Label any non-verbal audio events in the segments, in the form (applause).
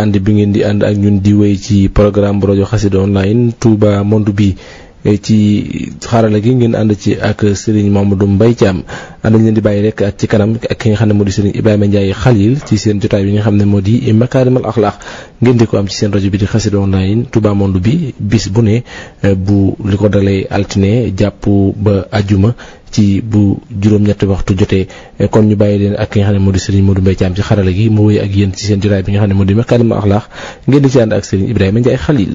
ànd bi ngeen di ànd ak ñun di wéy ci programme bu rajo xasida online Touba monde bi Eh, ci xarala gi ngeen ànd ci ak Serigne Mamadou Mbaye Thiam ànd leen di bàyyi rek ak ci kanam ak ki nga xam ne moo di Serigne Ibrahima Ndiaye Khalil ci seen jotaay bi nga xam ne moo di Makarimal Akhlaq ngeen di ko am ci seen bi di Xassida Online Touba Monde bi bis bu ne eh, bu li ko dalay altine jàpp ba ajuma ci bu juróom-ñetti waxtu jotee eh, kon ñu bàyyi leen ak ki nga ne moo di Serigne Modou Mbaye Thiam ci xarala gi mu ak yéen ci seen jotaay bi nga xam ne moo di Makarimal Akhlaq ngeen di ci ànd ak Serigne Ibrahima Ndiaye Khalil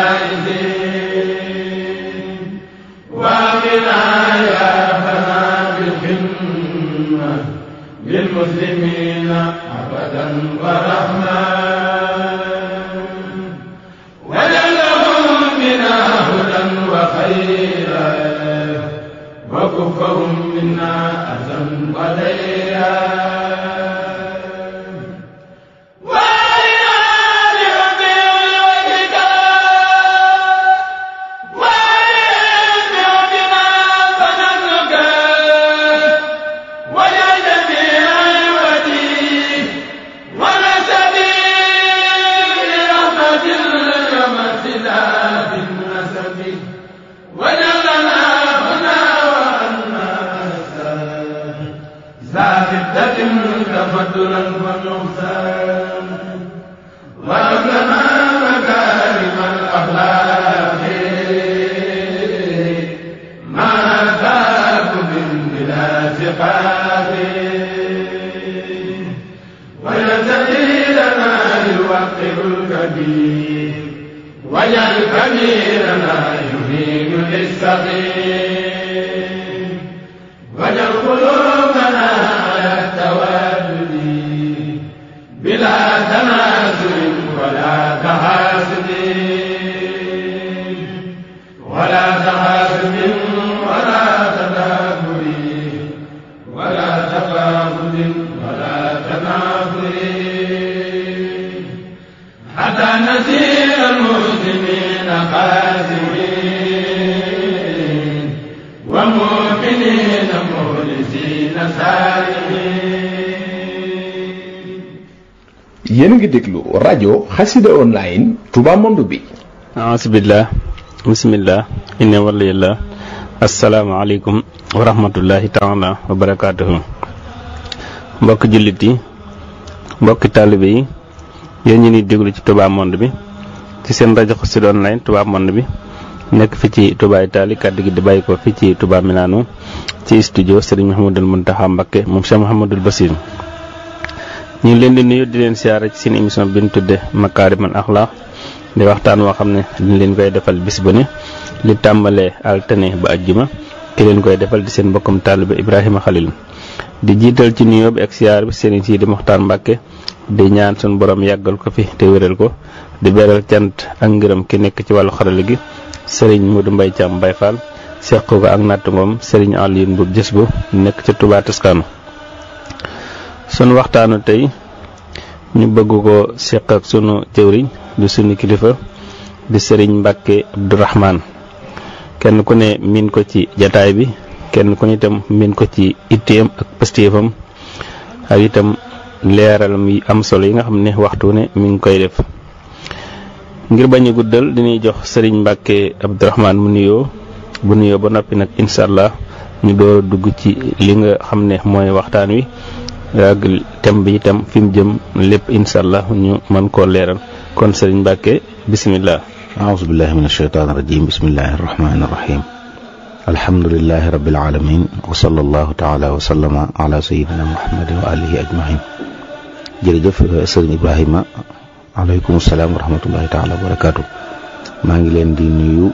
للمسلمين عبدا ورحمة وجعلهم بنا هدى وخيرا وكفهم منا أذى وليلا radio xasida online touba monde bi bismillah bismillah inna wallahi assalamu alaikum wa rahmatullahi ta'ala wa barakatuh mbok julit mbok talibi talibé ñi ni deglu ci touba monde bi ci sen radio online touba monde bi nek fi ci touba itali kaddu gi di bayiko fi ci touba milano ci studio serigne mohammed muntaha mbake mom cheikh mohammed basir ñu leen di nuyu di leen siyaare ci seen émission bi ñu tudde al axlaq di waxtaan woo xam ne dañ leen koy defal bis bu ne li tàmbalee altane ba ajjuma ki leen koy defal di seen mbokkam taalibe ibrahima xalil di jiital ci nuyoo bi ak siyaar bi seen ci di mbàkke di ñaan sun borom yàggal ko fi te wéral ko di beral cant ak ngërëm ki nekk ci wàllu xarala gi sëriñ mudu mbay càmm bay faal seq ko ak natt ngoom sëriñ bu jës bu nekk ca taskaanu sunu waxtaanu tey ñu bëgg ko seq ak sunu jëwriñ du sunu kilifa di sëriñ Mbàkke Abdourahman kenn ku ne miin ko ci jataay bi kenn ku ne itam miin ko ci itteem ak pëstéefam ak itam leeral mi am solo yi nga xam ne waxtu ne mi ngi koy def ngir bañ a guddal diñuy jox sëriñ Mbàkke Abdourahman mu nuyoo bu nuyoo ba noppi nag incha allah ñu door a dugg ci li nga xam ne mooy waxtaan wi ak thème bi itam fi mu jëm lépp incha allah ñu mën koo leeral kon sëriñ Mbàkke bisimilah. aouzu billahi min ashaytaani rajim bismillahi arrahmani arrahim alhamdulilahi rabbil alamin wa sallallahu taala Ibrahima aleykum salaam wa taala wa barakaatu maa ngi leen di nuyu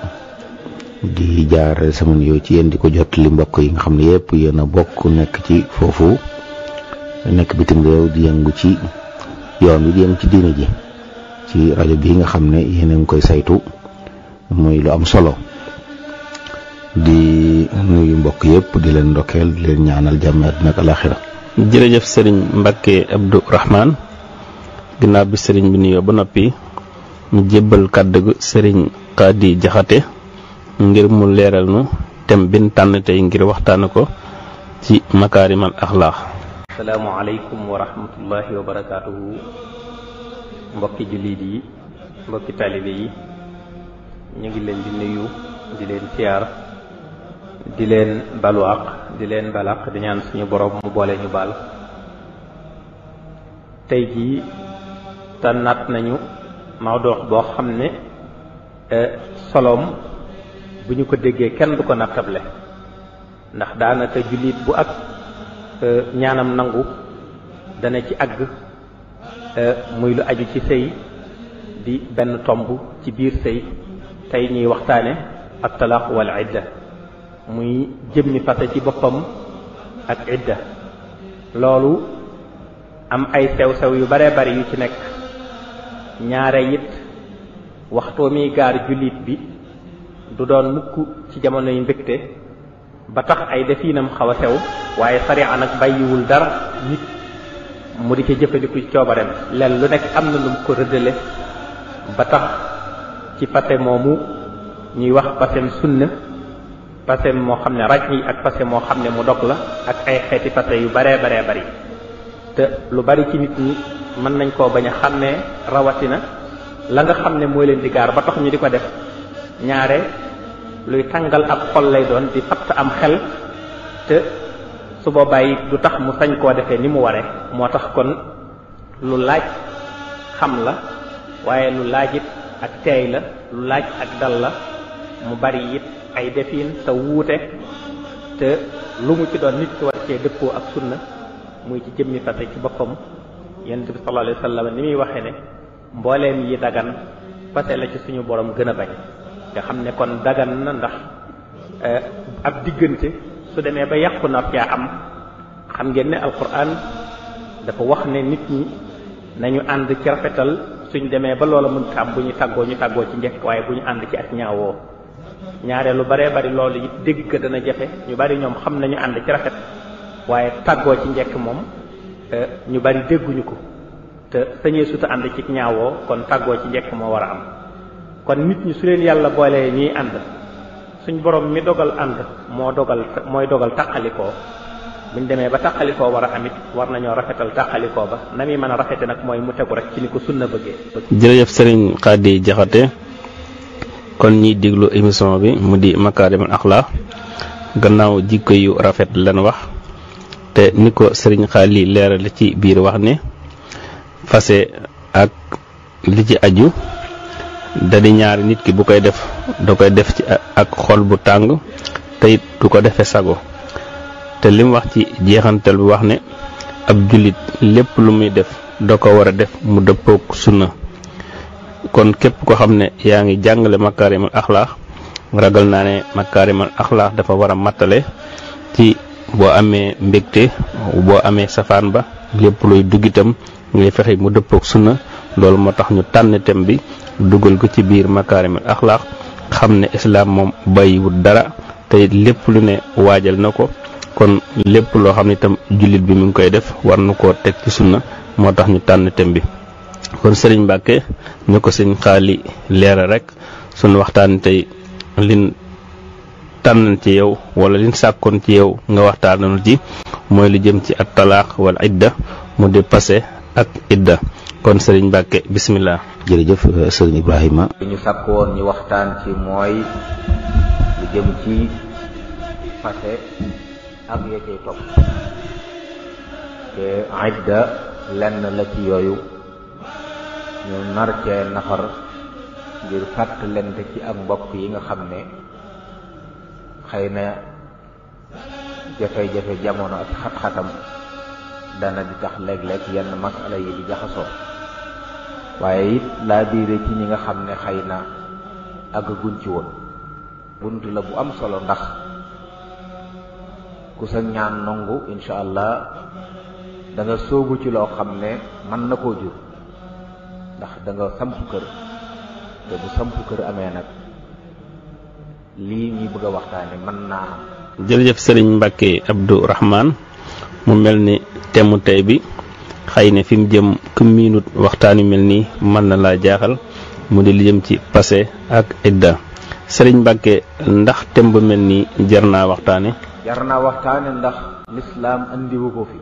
di jaar sama nuyoo ci yéen di ko jot li mbokk yi nga xam ne yëpp yéen a bokk nekk ci foofu nekk bitim réew di yëngu ci yoon bi di yëngu ci diine ji ci rajo bi nga xam ne yéen koy saytu muy lu am solo di nuyu mbokk yëpp di leen ndokkeel di leen ñaanal jàmm àddina ak alaaxira jërëjëf sëriñ Mbacke Abdou Rahman ginnaaw bi sëriñ bi nuyoo ba noppi mu jébbal kàddu sëriñ Xaadi Jaxate ngir mu leeral nu tem bin tànn tey ngir waxtaan ko ci makaarimal axlaax asalaamualeykum wa rahmatullahi wa barakaatuhu mbokki jullit yi mbokki taalibe yi ñu ngi leen di nuyu di leen siyaar di leen baluwaq di leen balaq di ñaan suñu borom mu boole ñu baal tey jii tànnaat nañu mawdoox boo xam ne eh, solom bu ñu ko déggee kenn du ko nattable ndax daanaka jullit bu ak Euh, ñaanam nangu dana ci àgg euh, muy lu aju ci sëy di benn tomb ci biir sëy tey ñuy waxtaane ak talaq wal idda muy jëmmi fase ci boppam ak idda loolu am ay sew-sew yu baree bari yu ci nekk ñaare it waxtoo mi gaar jullit bi du doon mukk ci jamonoy mbégte ba tax ay defiinam xaw a sew waaye sariya nag bàyyiwul dara nit mu di ca jëfandiku ci coobareem leen lu nekk am na lu mu ko rëddale ba tax ci fase moomu ñuy wax fasem sunna fasem moo xam ne raj yi ak fase moo xam ne mu dog la ak ay xeeti fase yu baree baree bari te lu bari ci nit ñi mën nañ koo bañ a xàmmee rawatina la nga xam ne mooy leen di gaar ba tax ñu di ko def ñaare luy tàngal ab xol lay doon di fatt am xel te su boobaa du tax mu sañ koo defee ni mu waree moo tax kon lu laaj xam la waaye lu laaj it ak teey la lu laaj ak dal la mu bari it ay defin te wuute te lu mu ci doon nit ci war cee dëppoo ak sunna muy ci jëmmi fase ci boppam yonent bi sallallahu alayhi ni muy waxe ne mbooleem yi dagan fase la ci suñu borom gën a bañ nga xam ne kon dagan na ndax eh, ab diggante su demee ba yàqu nar caa am xam ngeen ne alquran dafa wax ne nit ñi nañu ànd ci rafetal suñ demee ba loola mën am bu ñu tàggoo ñu tàggoo ci njekk waaye bu ñu ànd ci ak ñaawoo ñaare lu baree bari loolu dégg ko dana jafe ñu bari ñoom xam nañu ànd ci rafet waaye tàggoo ci njekk moom eh, ñu bari dégguñu ko te sañee suta ànd ci ñaawoo kon tàggoo ci njëkk moo war a am kon nit ñi su leen yàlla boolee ñiy ànd suñ borom mi dogal ànd moo dogal mooy dogal taqalikoo buñ demee ba taqalikoo war a amit war nañoo rafetal taqalikoo ba na muy mën a rafete nag mooy mu tegu rek ci ni ko sunna bëggee jërëjëf sëriñ Xaadi Jaxate kon ñiy déglu émission bi mu di makaarimul axlaax gannaaw jikko yu rafet lan wax te ni ko sëriñ xaali leerale ci biir wax ne fase ak li ci aju da ñaari nit ki bu koy def doo koy def ci ak xol bu tàng te du ko defee sago te lim wax ci jeexantal bi wax ne ab jullit lépp lu muy def doo ko war a def mu dëppook sunna kon képp ko xam ne yaa ngi jàngale makaarimal axlaax ragal naa ne makaarimal axlaax dafa war a mattale ci boo amee mbégte boo amee safaan ba lépp luy dugg ngay fexe mu dëppook sunna loolu moo tax ñu tànn tem bi dugal ko ci biir makaarimul axlaaq xam ne islaam moom bàyyiwut dara te lépp lu ne waajal na ko kon lépp loo xam ne itam jullit bi mu ngi koy def war na koo teg ci sunna moo tax ñu tànn tem bi kon sëriñ Mbàkke ñu ko sëñ xaali leeral rek sunu waxtaan tey lin tànn ci yow wala lin sàkkoon ci yow nga waxtaananu ci mooy lu jëm ci at talaax wala idda mu di ak idda kon serigne mbacke bismillah jërëjëf eh, serigne ibrahima ñu sakkoon ñu waxtaan ci moy lu jëm ci fase ak ya top té aidda lenn la ci yoyu ñu nar ci nafar ngir lenn te ci ak mbokk yi nga xamné xeyna xëy na jamono ak xat-xatam dana di tax leg leg yenn masala yi di jaxaso waaye it laa biire ci ñi nga xam ne xëy na àggaguñ ci woon bunt la bu am solo ndax ku sa ñaan nangu incha allah da nga ci loo xam ne mën na koo jur ndax danga nga samp kër te bu samp kër amee nag lii ñuy bëgg a waxtaane mën naa am jërëjëf sëriñ Mbàkke Abdu Rahmaan mu mel ni temu tey bi xëy na fi jëm ku miinut waxtaan yu mel nii mën na la jaaxal mu di li jëm ci passé ak idda sëriñ Mbàkke ndax thème bu mel nii jar naa waxtaane jar naa waxtaane ndax lislaam andiwu ko fi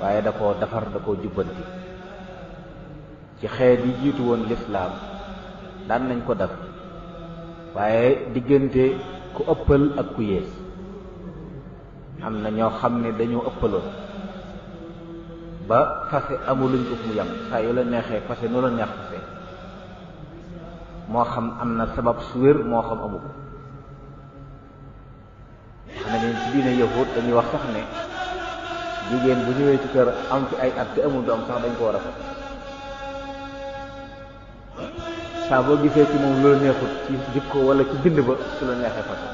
waaye da ko defar da ko jubbanti ci xeet yi jiitu woon lislaam daan nañ ko def waaye diggante ku ëppal ak ku yées am na ñoo xam ne dañoo ëppaloon ba fase amuluñ ko fu mu yem saa yu la neexee fase noo la neex fase moo xam am na sabab su wér moo xam amu ko wax dañuy wax sax ne jigéen bu ñëwee ci kër am ci ay at te amul doom sax dañ ko war a fase saa boo gisee ci moom loolu neexut ci jikko wala ci bind ba su la neexee fase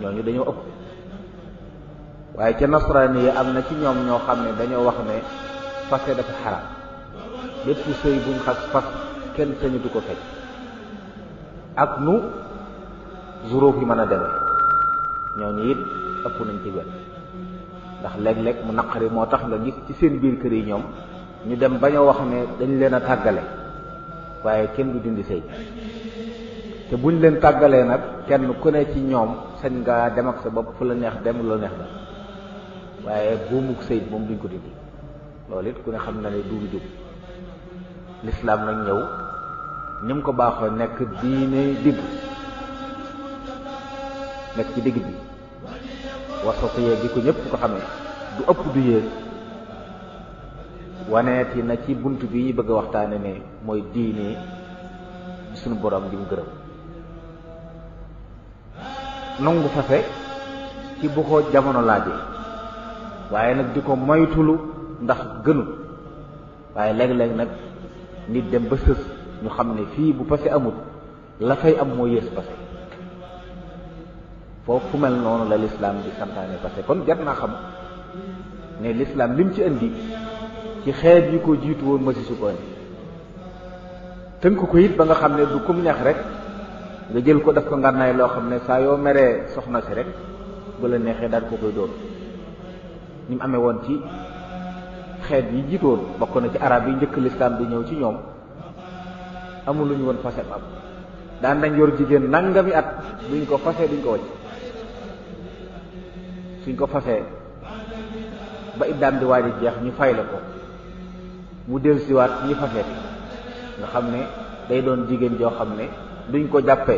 ñooñu dañoo ëpp waaye ca nasaraan yi am na ci ñoom ñoo xam ne dañoo wax ne fase dafa xaraam lépp sëy buñ xas fas kenn sañatu ko fecc ak nu zuruuf yi mën a demee ñooñu it ëpp nañ ci wet ndax léeg lekk mu naqari moo tax nga gis ci seen biir kër yi ñoom ñu dem bañ wax ne dañ leen a tàggale waaye kenn du dindi sëy te buñ leen tàggalee nag kenn ku ne ci ñoom sañ ngaa dem ak sa bopp fu la neex dem lu neex dem waaye buumuk sëyit moom duñ ko dindi loolu it ku ne xam na ne duubi dugg lislaam nag ñëw ni ko baaxoo nekk diine digg nekk ci digg bi wasatiyee gi ko ñëpp ko xamee du ëpp du yéen waneeti na ci bunt bi ñu bëgg a waxtaane ne mooy diine suñu borom gi mu gërëm nangu fafe ci bu ko jamono bi waaye nag di ko moytulu ndax gënul waaye léeg-léeg nag nit dem ba ñu xam ne fii bu passé amul la fay am moo yées passé foofu mel noonu la lislaam di santaane passé kon jar naa xam ne lislaam lim ci indi ci xeet yi ko jiitu woon masi su ko indi tënk ko it ba nga xam ne du kum neex rek nga jël ko def ko ngànnaay loo xam ne saa yoo meree soxna si rek bu la neexee daal ko koy doon ñu mu amee woon ci xeet yi jiitoon bokk na ci araab yi njëkk lislaam bi ñëw ci ñoom amul lu ñu woon fase am daan nañ yor jigéen nangami at duñ ko fase duñ ko wacc suñ ko fase ba iddaam di waaj jeex ñu fayle ko mu dellusiwaat ñu fase nga xam ne day doon jigéen joo xam ne duñ ko jàppe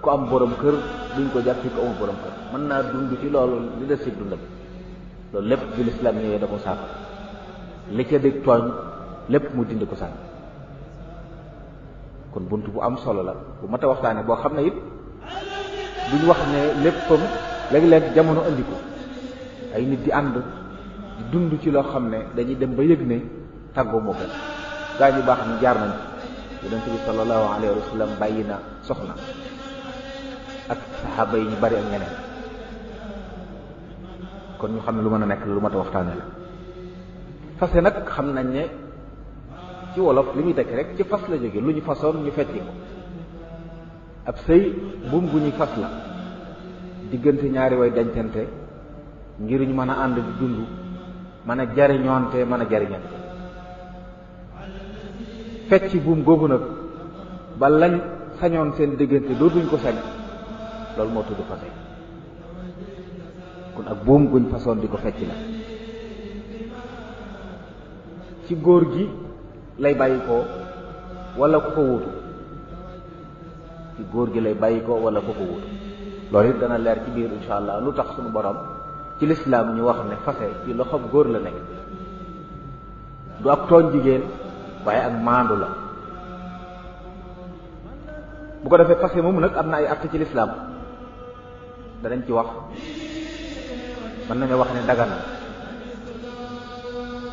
ku am borom kër duñ ko jàppee ku amul borom kër mën naa dund ci loolu li des ci dundam loolu lépp bi lislaam ñëwee da ko sàkk li ca dégg tooñ lépp mu dindi ko sànni kon bunt bu am solo la bu mat a waxtaane boo xam ne it duñ wax ne léppam léeg lekk jamono andi ko ay nit di ànd di dund ci loo xam ne dañuy dem ba yëg ne tàggoo moo gën gaa ñu baax ni jaar na nañ yonent bi sallallahu alayhi wa sallam bàyyi na soxna ak saxaaba yi ñu bari ak ñeneen kon ñu xam ne lu mën a nekk lu mat a waxtaane la fase nag xam nañ ne ci wolof li muy tekki rek ci fas la jóge lu ñu fasoon ñu fecci ko ab sëy buum gu ñuy fas la diggante ñaari way dencante ngir ñu mën a ànd di dund mën a jariñoonte mën a jariñante fecc buum googu nag ba lañ sañoon seen diggante dootuñ ko sañ loolu moo tudd fase ak buum guñ façon di ko fecc la ci góor gi lay bàyyi ko wala ku ko wuutu ci góor gi lay bàyyi ko wala ku ko wuutu loolu it dana leer ci biir insha allah lu tax suñu borom ci lislaam ñu wax ne fase ci loxob góor la nekk du ak tooñ jigéen waaye ak maandu la bu ko defee fase moom nag am na ay acte ci lislaam danañ ci wax man nañu wax ni dagan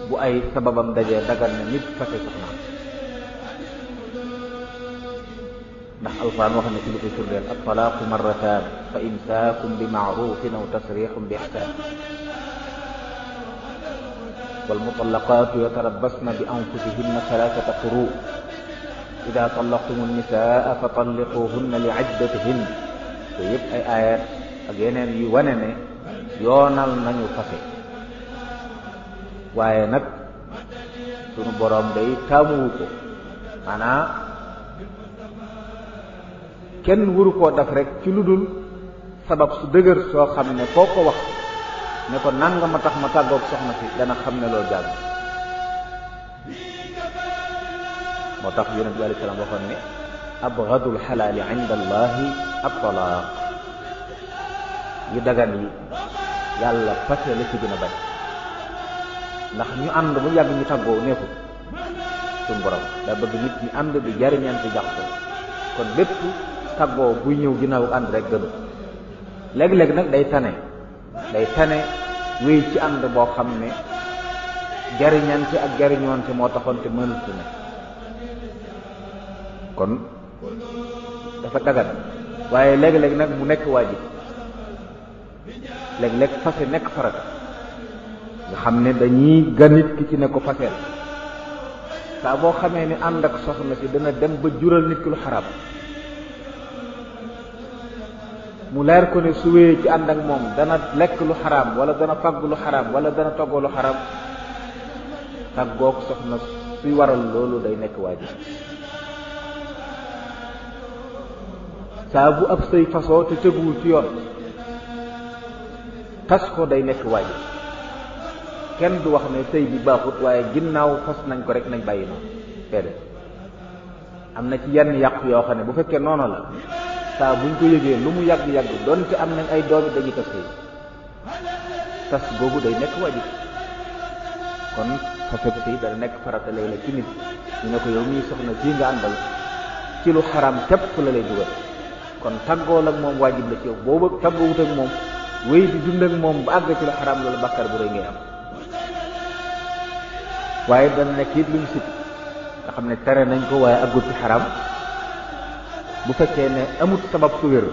bu ay sababam dajé dagan na nit faté soxna ndax alquran wax na ci lu koy at talaq marratan fa imsaakum bi maarufin aw tasrixum bi ihsan ixsaan والمطلقات يتربصن بأنفسهن ثلاثة قروء إذا طلقتم النساء فطلقوهن لعدتهن ويبقى آيات ak yeneen yu wane ne yoonal nañu fase waaye nag sunu boroom day taamuwu ko maanaa kenn waru koo def rekk ci lu dul sabab su dëgër soo xam ne koo ko wax ne ko nan nga ma tax ma tàggoog soxna si dana xam ne loo jàll moo tax yonent bi alei salaam waxoon ne abgadul xalaali inda allahi at talaaq yu dagan yi yàlla fase la ci gën a ndax ñu ànd bu yàgg ñu tàggoo neexut suñu borom daa bëgg nit ñi ànd bi jariñante ci jaxso kon bépp tàggoo buy ñëw ginnaaw ànd rek gënu léeg-léeg nag day tane day tane wéy ci ànd boo xam ne jariñante ak jariñoonte moo taxoon te mënut ne kon dafa dagan waaye léeg-léeg nag mu nekk waajib léeg-léeg fase nekk farata nga xam ne dañuy ganit ki ci ne ko faseel saa boo xamee ni ànd ak soxna si dana dem ba jural nit ki lu xarab mu leer ko ne su wéyee ci ànd ak moom dana lekk lu xaraam wala dana fagg lu xaraam wala dana togg lu xaraam tàggoog soxna suy waral loolu day nekk waajib saa bu ab say fasoo te teguwul ci yoon tas ko day nekk waajib kenn du wax ne sëy bi baaxut waaye ginnaaw fas nañ ko rek nañ bàyyi noonu déedéet am na ci yenn yàqu yoo xam ne bu fekkee noonu la saa buñ ko yëgee lu mu yàgg-yàgg donte am nañ ay doomi dañuy tas sëy tas googu day nekk waajib kon fase sëy nekk farata léeg-léeg ci nit ñu ne ko yow mii soxna sii nga àndal ci lu xaram képp la lay dugal kon tàggoo ak moom waajib la ci yow boobu tàggoowut ak moom wéy di dund bi moom ba àgg ci lu xaraam loolu bàkkaar bu rëy ngay am waaye dana nekk it lu ñu sit nga xam ne tere nañ ko waaye àggut ci xaraam bu fekkee ne amut sabab su wér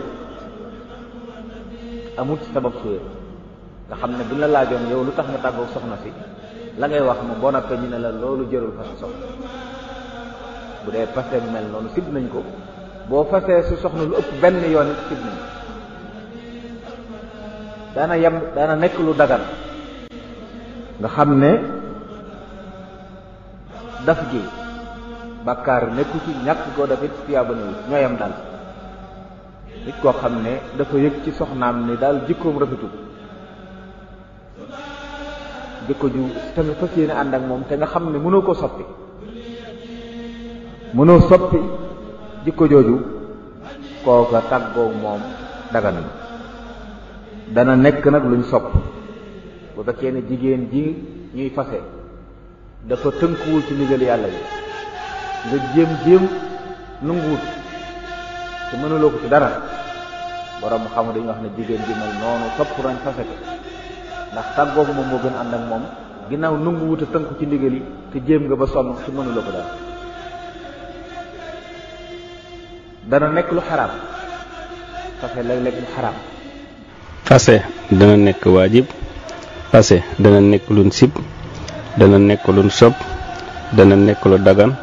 amut sabab su nga xam ne bu la laajoon yow lu tax nga tàggoog soxna si la ngay wax ma boo nappee ñu ne la loolu jërul fas soxna bu dee fase mel noonu sib nañ ko boo fasee su soxna lu ëpp benn yoon it sib nañ dana yem dana nekk lu dagan nga xam ne daf gi bàkkaar nekku ci ñàkk koo dafit tiyaaba néew ñoo yem daal nit koo xam ne dafa yëg ci soxnaam ni daal jikkoom rafetul jikko ju tamit fas yéene ànd ak moom te nga xam ne mënoo koo soppi mënoo soppi jikko jooju kooka tàggoo moom dagan dana nekk nag luñ sopp bu fekkee ne jigéen ji ñuy fase dafa tënkuwul ci ndigal yàlla yi nga jéem jéem nanguwut te mënuloo ko ci dara borom xam dañuy wax ne jigéen ji mel noonu sopp nañ fase ko ndax tàggoo moom moo gën ànd ak moom ginnaaw nanguwut a tënku ci ndigal yi te jéem nga ba sonn te mënuloo ko dara dana nekk lu xaraam fase léeg-léeg lu xaraam fasé dana nek wajib, fasé dana nek luñ sip dana nek luñ sop dana nek lu dagan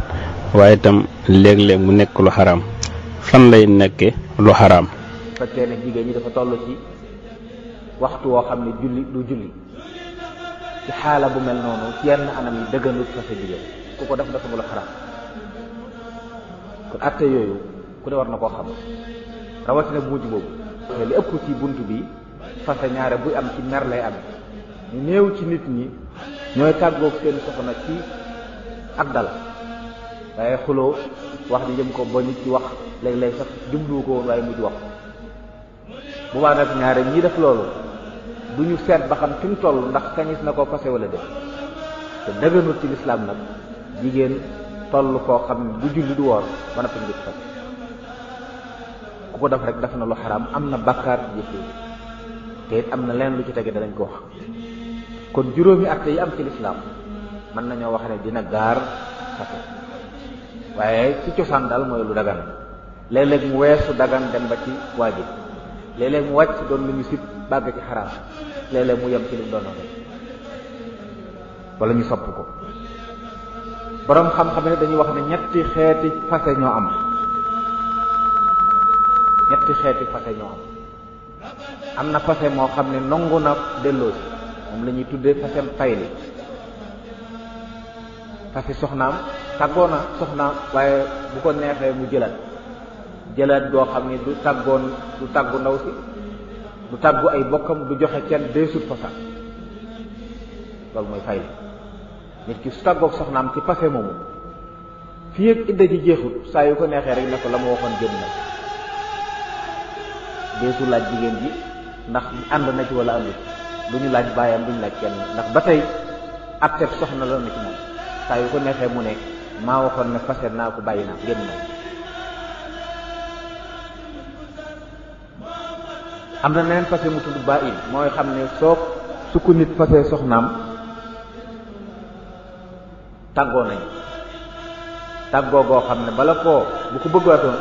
waye tam léeg-léeg mu nek lu haram fan lay nekke lu haram fekkee ne jigéen ñi dafa tollu ci waxtu wo xamni julli du julli ci xala bu mel nonu ci yenn anam yi dëgganut fasé jigéen ku ko def dafa lu haram xaraam atté yoyu ku ne war na ko xam rawatina buuj boobu li ëpp ci buntu bi fase ñaare buy am ci mer lay am ñu néew ci nit ñi ñooy tàggook seen na ci ak dal waaye xuloo wax di jëm ko ba nit wax léeg lay sax jumluwu ko woon waaye mujj wax bu baax nag ñaare ñi def loolu du ñu seet ba xam fi mu toll ndax kañis na ko fase wala def te dëgënut ci lislaam nag jigéen toll koo xam ne du julli du woor ba noppi ngi fase ku ko def rek def na lu xaraam am na bakkaar jëfee te it am na leneen lu ci tege dañ ko wax kon juróomi at yi am ci lislaam mën nañu wax ne dina gaar sate waaye ci cosaan daal mooy lu dagan léeg-léeg mu weesu dagan dem ba ci waajib léeg-léeg mu wàcc doon lu ñu sib bàgg ci xaraam léeg-léeg mu yem ci li mu doonoon rek wala ñu sopp ko borom xam-xam ne dañuy wax ne ñetti xeeti fase ñoo am ñetti xeeti fase ñoo am am na fase moo xam ne nangu na delloo si moom la ñuy tuddee fasem tayli fase soxnaam tàggoo na soxnaam waaye bu ko neexee mu jëlaat jëlaat doo xam ne du tàggoon du tàggu ndaw si du tàggu ay bokkam du joxe kenn deesut fasax loolu mooy fayli nit ki su tàggoog soxnaam ci fase moomu fii yëpp idda ji jeexut saa yu ko neexee rek ne ko la ma waxoon jëm na deesu laaj jigéen ji ndax ànd na ci wala àndul lu ñu laaj bàyyam lu ñu laaj kenn ndax ba tey ab teb soxna la na ci moom yu ko neexee mu ne maa waxoon ne fase naa ko bàyyi naa génn naa am na neneen fase mu tudd ba in mooy xam ne soo sukku nit fase soxnaam tàggoo nañu tàggoo goo xam ne bala koo bu ko bëggaatoon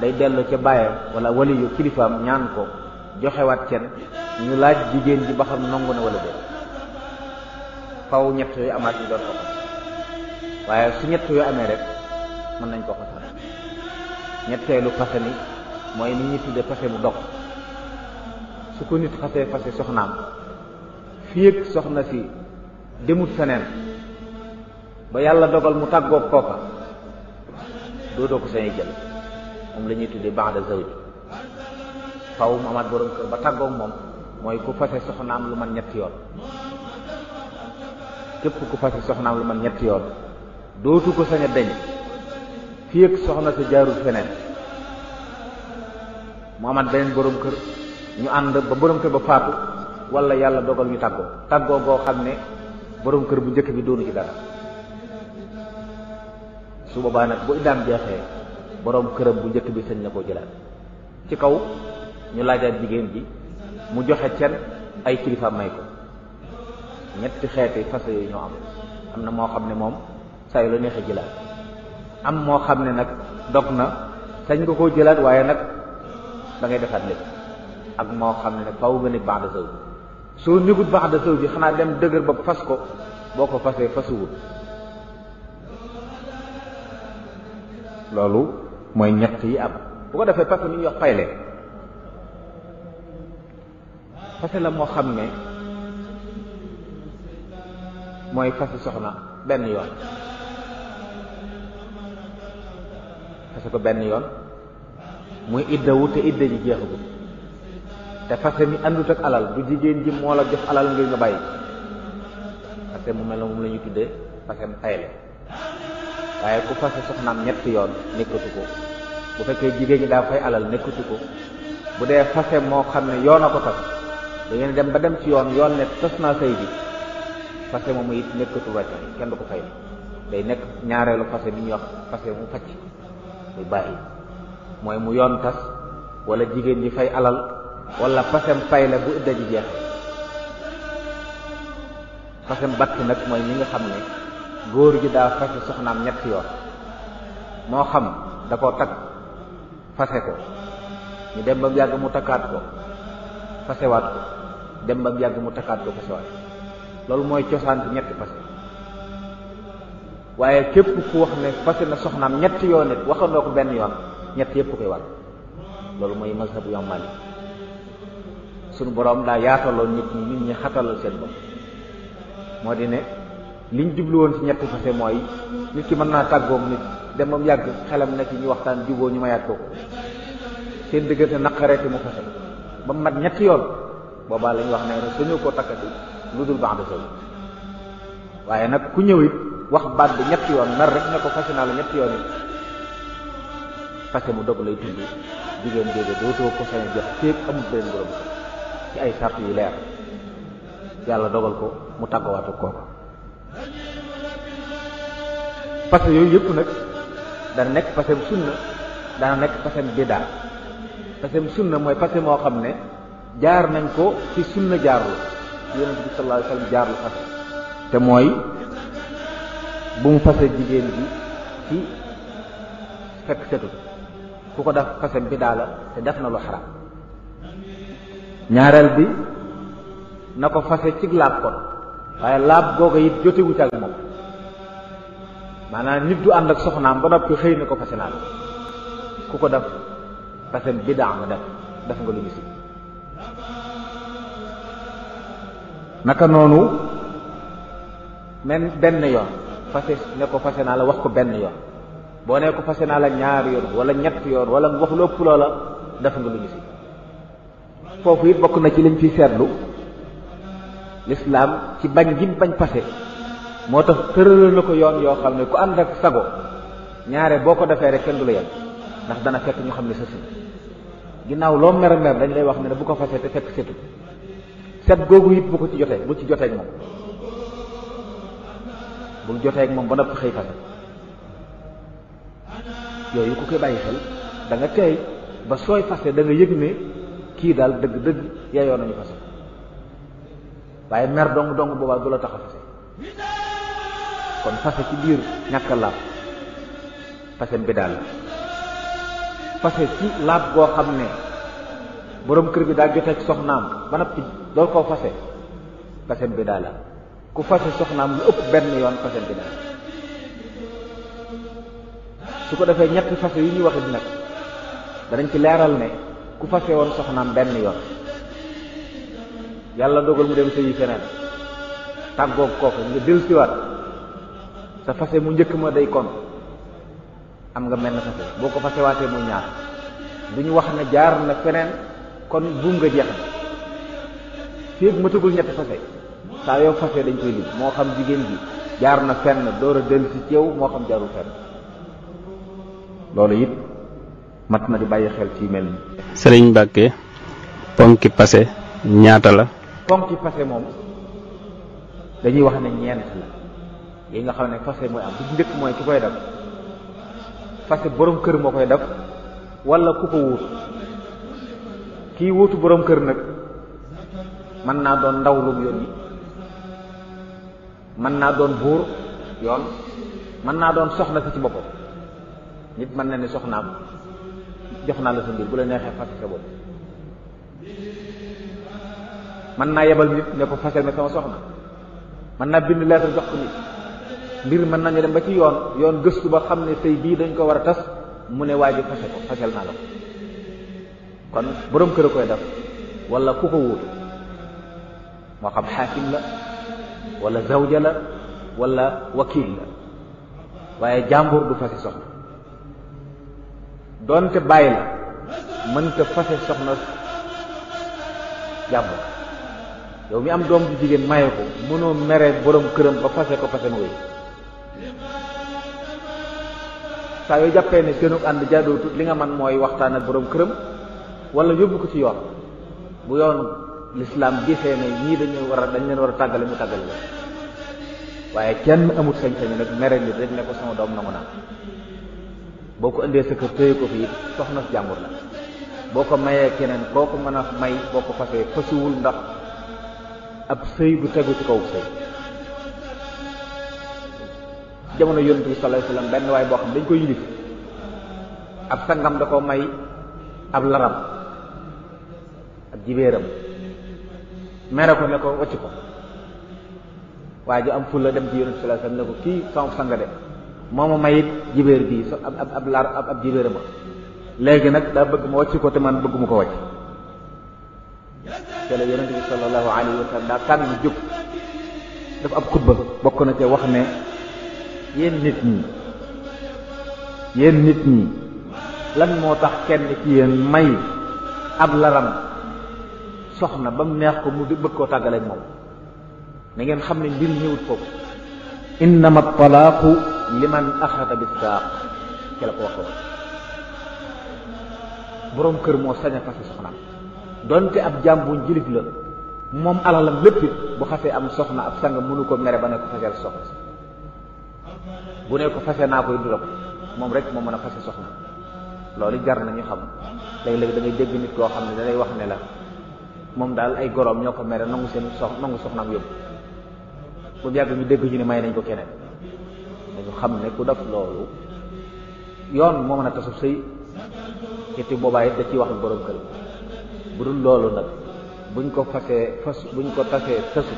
day delloo ca bàyyam wala waliyu kilifaam ñaan ko joxewaat kenn ñu laaj jigéen ji ba xam nangu na wala déet faw ñett yu amaat ñu doon ko xas waaye su ñett yu amee rek mën nañ ko xasal ñetteelu fase ni mooy ni ñuy tudde fase bu dog su ko nit xasee fase soxnaam fii ak soxna si demut feneen ba yàlla dogal mu tàggoog kooka doodoo ko sañuy jël moom la ñuy tudde ba'da zawj faw mu amaat borom kër ba tàggoog moom mooy ku fase soxnaam lu man ñetti yoon képp ku fase soxnaam lu man ñetti yoon dootu ko sañ a deñ fii ak soxna sa jaarul feneen mu amaat beneen borom kër ñu ànd ba borom kër ba faatu wala yàlla dogal ñu tàggoo tàggoo goo xam borom kër bu njëkk bi doonu ci dara su boobaa nag bu iddaam jeexee borom këram bu njëkk bi sañ na ko jëlaat ci kaw ñu laajaat jigéen ji mu joxe cen ay kilifa may ko ñetti xeeti façon yooyu ñoo am am na moo xam ne moom saa yu la neexee jëlaat am moo xam ne nag dog na sañ nga koo jëlaat waaye nag dangay ngay defaat lépp ak moo xam ne nag faw nga ne baax de sëw bi soo négut baax de sëw bi xanaa dem dëgër ba fas ko boo ko fasee fasuwul loolu mooy ñett yi am bu ko defee parce que ñu wax fay fase la moo xam ne mooy fase soxna benn yoon fase ko benn yoon muy iddawu te idda ji jeexagul te fase mi àndut ak alal du jigéen ji moo la jox alal ngir nga bàyyi fase mu mel na moom la ñuy tuddee fase mu tayle waaye ku fase soxnaam ñetti yoon nekkatu ko bu fekkee jigéen ñi daa fay alal nekkatu ko bu dee fase moo xam ne yoon a ko tas da ngeen dem ba dem ci yoon yoon ne tas naa sëy bi fase moomu it nekkatu wàcc kenn du ko fay day nekk ñaareelu fase bi ñuy wax fase mu facc muy bàyyi mooy mu yoon tas walla jigéen ji fay alal walla fasem fay la bu ëdda ji jeex fasem batt nag mooy mi nga xam ne góor gi daa fase soxnaam ñetti yoon moo xam da koo takk fase ko ñu dem ba mu yàgg mu takkaat ko fasewaat ko dem ba mu yàgg mu takkaat ko fase loolu mooy cosaan bi ñetti fase waaye képp ku wax ne fase na soxnaam ñetti yoon it waxandoo ko benn yoon ñett yépp koy war loolu mooy mazhabu Imaam Maalik suñu boroom daa yaataloon nit ñi nit ñi xatalal seen bopp moo di ne liñ jubluwoon ci ñetti fase mooy nit ki mën naa tàggoom nit dem ba mu yàgg xelam na ci ñu waxtaan juboo ñu mayaat ko seen diggante naqareeti mu fase ba mu mat ñetti yoon boobaa la ñu wax ne suñu ko takkati lu dul baax de waaye nag ku ñëw wax baat bi ñetti yoon nar rek ne ko fase naa la ñetti yoon it fase mu dog lay tudd jigéen jooju dootoo ko sañ jox féeg amul beneen borom ci ay sart yu leer yàlla dogal ko mu tàggawaatu kooku fase yooyu yëpp nag dana nekk fasem sunna dana nekk fasem biddaa fasem na mooy fase moo xam ne jaar nañ ko ci sunna jaarlu yonent bi sallallahu alayhi wasallam jaarlu fase te mooy bu mu fase jigéen bi ci fekk setut ku ko def fase bi daala te def na lu bi na ko fase ci laab waaye laab googa it jotewu ci ak moom maanaam nit du ànd ak soxnaam ba noppi xëy na ko fase naa ku ko def fase bi daa nga def def nga lu ñu si naka noonu men benn yoon fase ne ko fase naa la wax ko benn yoon boo ne ko fase naa la ñaar yoon wala ñett yoon wala wax lu ëpp loola def nga lu ñu foofu it bokk na ci liñ fi seetlu lislaam ci bañ gim bañ fase moo tax tëralal na ko yoon yoo xam ne ku ànd ak sago ñaare boo ko defee rek kenn du la ndax dana fekk ñu xam ne sa sin ginnaaw loo mer mer dañ lay wax ne bu ko fase te fekk setu set googu it bu ko ci jotee bu ci jotee ak moom bul jotee ak moom ba noppi xëy fase yooyu ku koy bàyyi xel da tey ba sooy fase da nga yëg ne kii daal dëgg dëgg yaayoon nañu fase waaye mer dong dong boobaa du la tax a fase kon fase ci biir ñàkk a laab fasem bi daal fase ci laab goo xam ne boroom kër bi daa jotee ak soxnaam ba noppi dool koo fase fasem bi daa la ku fase soxnaam lu ëpp benn yoon fasem bi daa su ko defee ñett fase yu ñuy waxit nag danañ ci leeral ne ku fase woon soxnaam benn yoon yàlla dogal mu dem sëyi feneen tàggoog kooku nga dil siwaat sa fase mu njëkk ma day kon am nga mel na fase boo ko fasewaatee muy ñaar du ñu wax ne jaar na feneen kon buum nga jeex fii matagul ñetti fase saa yoo fase dañ koy lim moo xam jigéen bi jaar na fenn door a dellu si ceew moo xam jaarul fenn loolu it mat na di bàyyi xel ci mel ni sëriñ Mbàkke ponki pase ñaata la ponki pase moom dañuy wax ne ñeent la yi nga xam ne fase mooy am bu njëkk mooy ki koy def fase boroom kër moo koy def wala ku ko wuutu kii wuutu borom kër nag mën naa doon ndaw lum yónni mën naa doon buur yoon mën naa doon soxna si ci boppam nit mën na ne soxnaam jox naa la sa mbir bu la neexee fas sa bopp mën naa yebal nit ne ko fasal ma sama soxna mën naa bind lettre jox ko nit mbir mën nañu dem ba ci yoon yoon gëstu ba xam ne sëy bii dañ ko war a tas mu ne waa ji fase ko fasal naa la ko kon borom kër a koy def wala ku ko wóotu مقام حاكم la wala zawja la wala wakil la waaye jàmbur du fase soxna doonte bàyyi la mënta fase soxna jàmbur yow mi am doom ju jigéen maye ko mënoo mere borom këram ba fase ko fase mu wéy saa yoo jàppee ne seenu ànd jaadootu li nga man mooy waxtaan ak borom këram wala yóbbu ko ci yoon bu yoon l'islam gisee ne ñii dañu war a dañ leen war a tàggale mu tàggale la waaye kenn amut sañ-sañu nag mere nit rek ne ko sama doom nangu naa boo ko indee sa kër ko fi soxna jàmbur la boo ko mayee keneen boo ko mën a may boo ko fasee fasiwul ndax ab sëy bu tegu ci kaw sëy jamono yonent bi benn waay boo xam dañ koy yilif ab sangam da ko may ab laram ak jibéeram mere ko ne ko wacc ko waa ji am fulla dem ci yonent sallallahu alayhi wasallam ne ko kii sama sanga de moo ma mayit jibéer bii so ab ab ab ab ab léegi nag daa bëgg ma wacc ko te man bëgg ko wacc te la yonent bi sallallahu alayhi wasallam jóg ab xutba bokk na ca wax ne yéen nit ñi yéen nit ñi lan moo tax kenn ci yéen may ab laram soxna bam neex ko mu bëgg tagal ak mom na ngeen xamni mbir ñëwut fofu innamat talaqu liman akhadha bi saaq ci la ko waxo borom kër mo saña fa ci soxna donte ab jambu jilif la mom alalam lepp bu xasse am soxna ab sang mënu ko mere ba ne ko faseel soxna bu ne ko fase na koy durab mom rek mo mën a soxna loolu jar na ñu xam léeg-léeg da ngay dégg nit koo xam ne da lay wax ne la moom daal ay goroom ñoo ko mere nangu seen sox nangu soxnaam yóbbu bu yàgg ñu dégg ñu ne may nañ ko keneen dañu xam ne ku def loolu yoon moo mën a tasub sëy xeeti boobaa it da ciy wax ak borom kër bu dul loolu nag buñ ko fasee fas buñ ko tasee tasu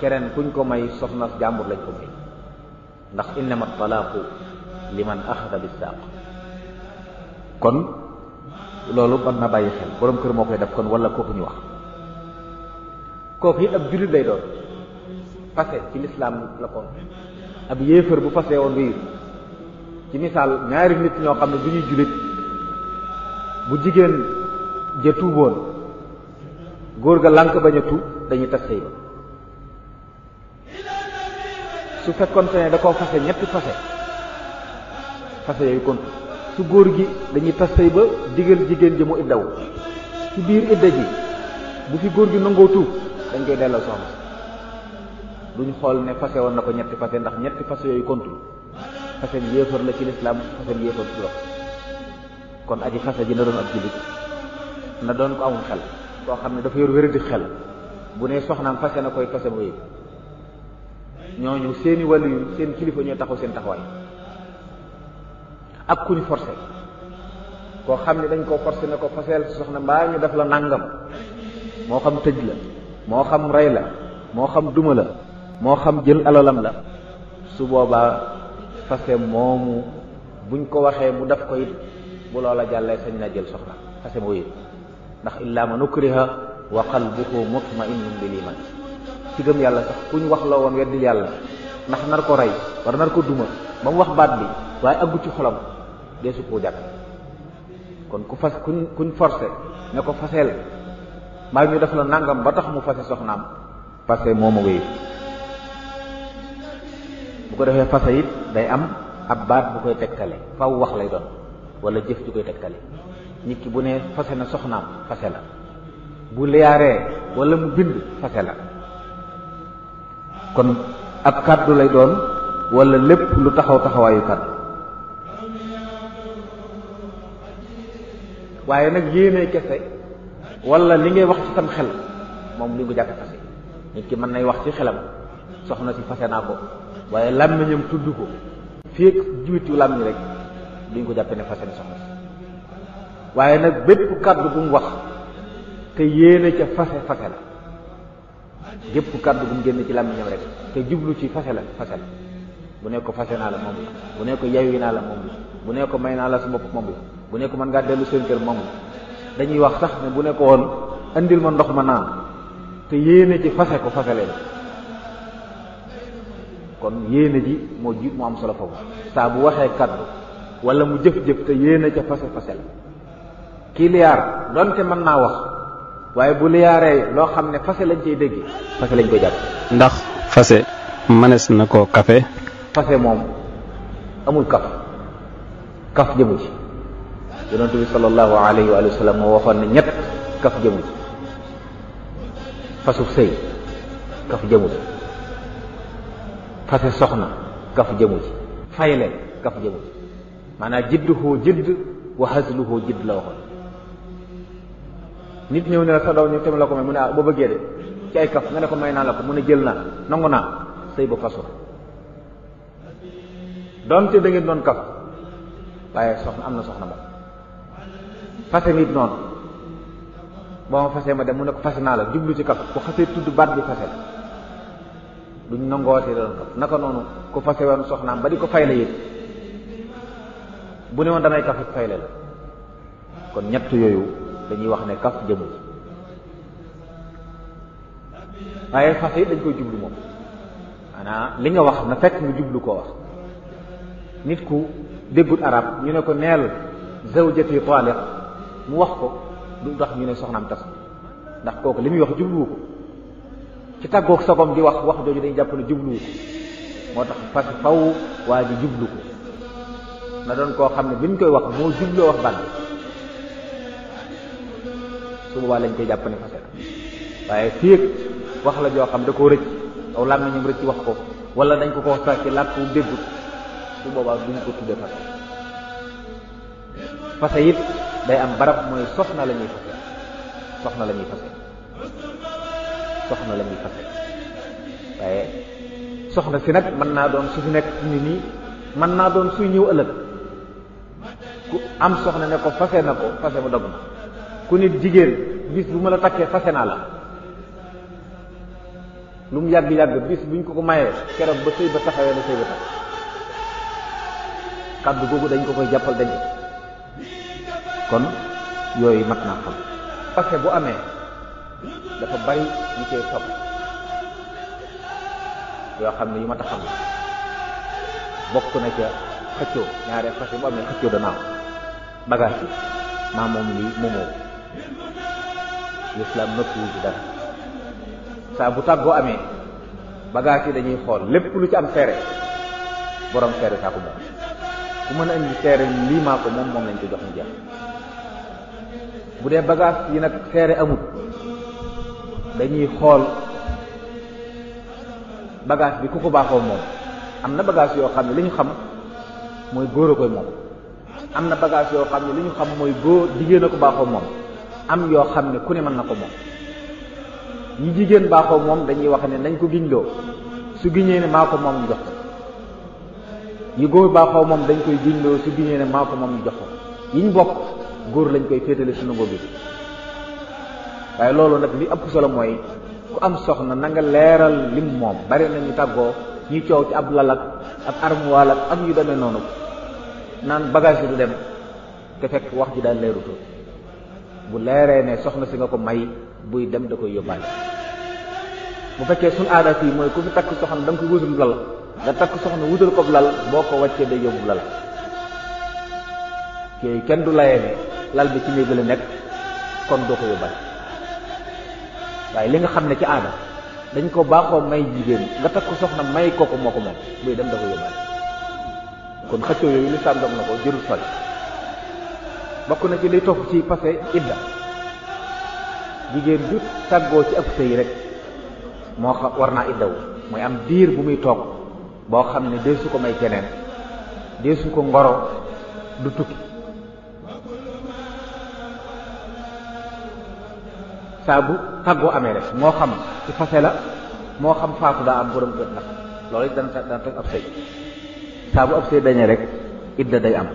keneen kuñ ko may soxna jàmbur lañ ko may ndax innama li man axada bisaaq kon loolu mën na bàyyi xel borom kër moo koy def kon wala kooku ñu wax kooku it ab jullit lay doon fase ci lislaam la kon ab yéefar bu fase woon wéyu ci misaal ñaari nit ñoo xam ne bu ñuy jullit bu jigéen ja tuuboon góor ga lànk bañ a tuub dañuy tas sëy ba su fekkoon ne da koo fase ñetti fase fase yooyu kontu su góor gi dañuy tas ba digal jigéen ji mu iddaw ci biir idda ji bu fi góor gi nangoo tuub dañ koy delloo soxna duñ xool ne fase woon na ko ñetti fase ndax ñetti fase yooyu kontul faseen yéefar la ci lislaam faseen yéefar ci dox kon aji fase ji na doon ab julit na doon ko amul xel koo xam ne dafa yor wéradi xel bu ne soxnaam fase na koy fase mu yëg ñooñu seeni wàllu seen kilifa ñoo taxaw seen taxawaay ak kuñ forcé ko xamni dañ ko forcé nako ko soxna mbaa ñu def la nangam mo xam tejj la mo xam ray la mo xam duma la mo xam jël alalam la su boba fase momu buñ ko waxé mu daf ko it bu loola jallé sañ na jël soxna fasé mo yit ndax illa man ukriha wa qalbuhu mutma'innun bil iman ci gëm yalla sax kuñ wax la won weddil yalla ndax nar ko ray war nar ko duma bam wax baat bi waye aggu ci xolam deesu koo jàpp kon ku fas kuñ kuñ forcé ne ko faseel mbaa ñu def la nangam ba tax mu fase soxnaam parce moo ma wéy bu ko defee fase it day am ab baat bu koy tegtale faw wax lay doon wala jëf ju koy tegtale nit ki bu ne fase na soxnaam fase la bu liyaaree wala mu bind fase la kon ab kàddu lay doon wala lépp lu taxaw taxawaayu kàddu waaye nag yéene kese wala li ngay wax ci sam xel moom li ko jàkk fase nit ki mën nay wax ci xelam soxna si fase naa ko waaye làmmiñam tudd ko fii jiwitu làmmiñ rek duñ ko jàppe ne fase na waaye nag bépp kàddu bu wax te yéene ca fase fase la gépp kàddu bu mu génn ci làmmiñam rek te jublu ci fase la fase la bu ne ko fase naa la moom la bu ne ko yewwi naa la moom la bu ne ko may naa la sa bopp moom la bu ne ko mën ngaa dellu seen kër moomu dañuy wax sax ne bu ne ko woon indil ma ndox ma naan te yéene ci fase ko fase leen kon yéene ji moo ji mu am solo foofu saa bu waxee kaddu wala mu jëf-jëf te yéene ca fase fase la kii liyaar donte mën naa wax waaye bu liyaaree loo xam ne fase lañ cay dégg fase lañ koy jàpp ndax fase mënees na ko kafe fase moom amul kaf kaf jëmu ci yonent bi sallallahu alayhi wa sallam moo waxoon ne ñett kaf jëmu ci fasuf sëy kaf jëmu ci fase soxna kaf jëmu ci fayle kaf jëmu ci maanaam jidduhu jidd wa hasluhu jidd la waxoon nit ñëw ne la sa doom ñu tamit la ko may mu ne ah boo bëggee de ci ay kaf nga ne ko may naa la ko mu ne jël naa nangu naa sëy ba fasu donte da ngeen doon kaf waaye soxna am na soxna moom fase nit noonu boo ma fase ma dem mu ne ko fase naa la jublu ci kaf bu xasee tudd baat bi fase duñ nangooti doon kaf naka noonu ko fase woon soxnaam ba di ko fay la yit bu ne woon damay kaf it la kon ñett yooyu dañuy wax ne kaf jëmu waaye fase it dañ koy jublu moom maanaam li nga wax na fekk nga jublu koo wax nit ku déggut arab ñu ne ko neel zawjati taaliq mu wax ko du tax ñu ne soxnam tas ndax koku limi wax jubluwu ko ci taggo ak sagom di wax wax jooju dañuy jàpp ne jubluwu ko moo tax parce faw waji ji jublu ko na doon ko xamne biñ koy wax mo jubloo wax ban su ba lañ koy japp ne fa fase waye fiig wax la jo xam da ko recc aw lam ñu recc wax ko wala dañ ko ko sakki la ko deggu déggut su boobaa duñ ko tudde fa fa it day am barab mooy soxna la ñuy fase soxna la fase soxna si nag mën naa doon su fi nekk ni nii mën naa doon suy ñëw ëllëg ku am soxna ne ko fase na ko fase mu dog na ku nit jigéen bis bu ma la takkee fase naa la lu mu yàgg-yàgg bis ñu ko ko mayee keroog ba sëy ba taxawee ba sëy ba tax kàddu boobu dañ ko koy jàppal dañ kon yooyu mat naa xam pafe bu amee dafa bari ñu cee topp yoo xam ne yu mat a xam bokk na ca xëccoo ñaare pafe bu amee xëccoo danaaw bagage yi maa moom lii moomoo lislaam noppiwu ci dara saa bu tàggoo amee bagage yi dañuy xool lépp lu ci am seere borom seere saa ko moom ku mën a indi seere lii maa ko moom moom lañ ko jox mu jeex bu dee bagage yi nag seere amul dañuy xool bagage bi ku ko baaxoo moom am na bagage yoo xam ne li ñu xam mooy góor a am na bagage yoo xam ne li ñu xam mooy góor jigéen ko baaxoo moom am yoo xam ne ku ne mën na ko moom yi jigéen baaxoo moom dañuy wax ne nañ ko giñloo su giñee ne maa ko moom ñu jox ko yi góor baaxoo moom dañ koy giñloo su giñee ne maa ko moom ñu jox ko yiñ bokk góor lañ koy féetale sunu bopp bi waaye loolu nag li ëpp solo mooy ku am soxna na leeral lim moom bari nañu tàggoo ñuy coow ci ab lalak ab armoire ak yu demee noonu naan bagage yi du dem te fekk wax ji daal leerutu bu leeree ne soxna si nga ko may buy dem da koy yóbbaale bu fekkee suñ aada fii mooy ku fi takk soxna da ko koy wutum lal nga takk soxna wutal ko lal boo ko wàccee day yóbbu lal yooyu kenn du layee ne lal bi ci néeg la nekk kon doo ko yóbbal waaye li nga xam ne ci aada dañ ko baaxoo may jigéen nga takk ko soxna may kooku moo ko moom buy dem da ko yóbbal kon xëccoo yooyu lislaam dog na ko jërul sori bokk na ci li topp ci passé idda jigéen ju tàggoo ci ab sëy rek moo xam war naa iddawu mooy am diir bu muy toog boo xam ne deesu ko may keneen deesu ko ngoro du tukki saa bu tàggoo amee rek moo xam ci fase la moo xam faatu daa am borom kër ndax loolu it dana dana teg ab sëy saa bu ab sëy dañee rek idda day am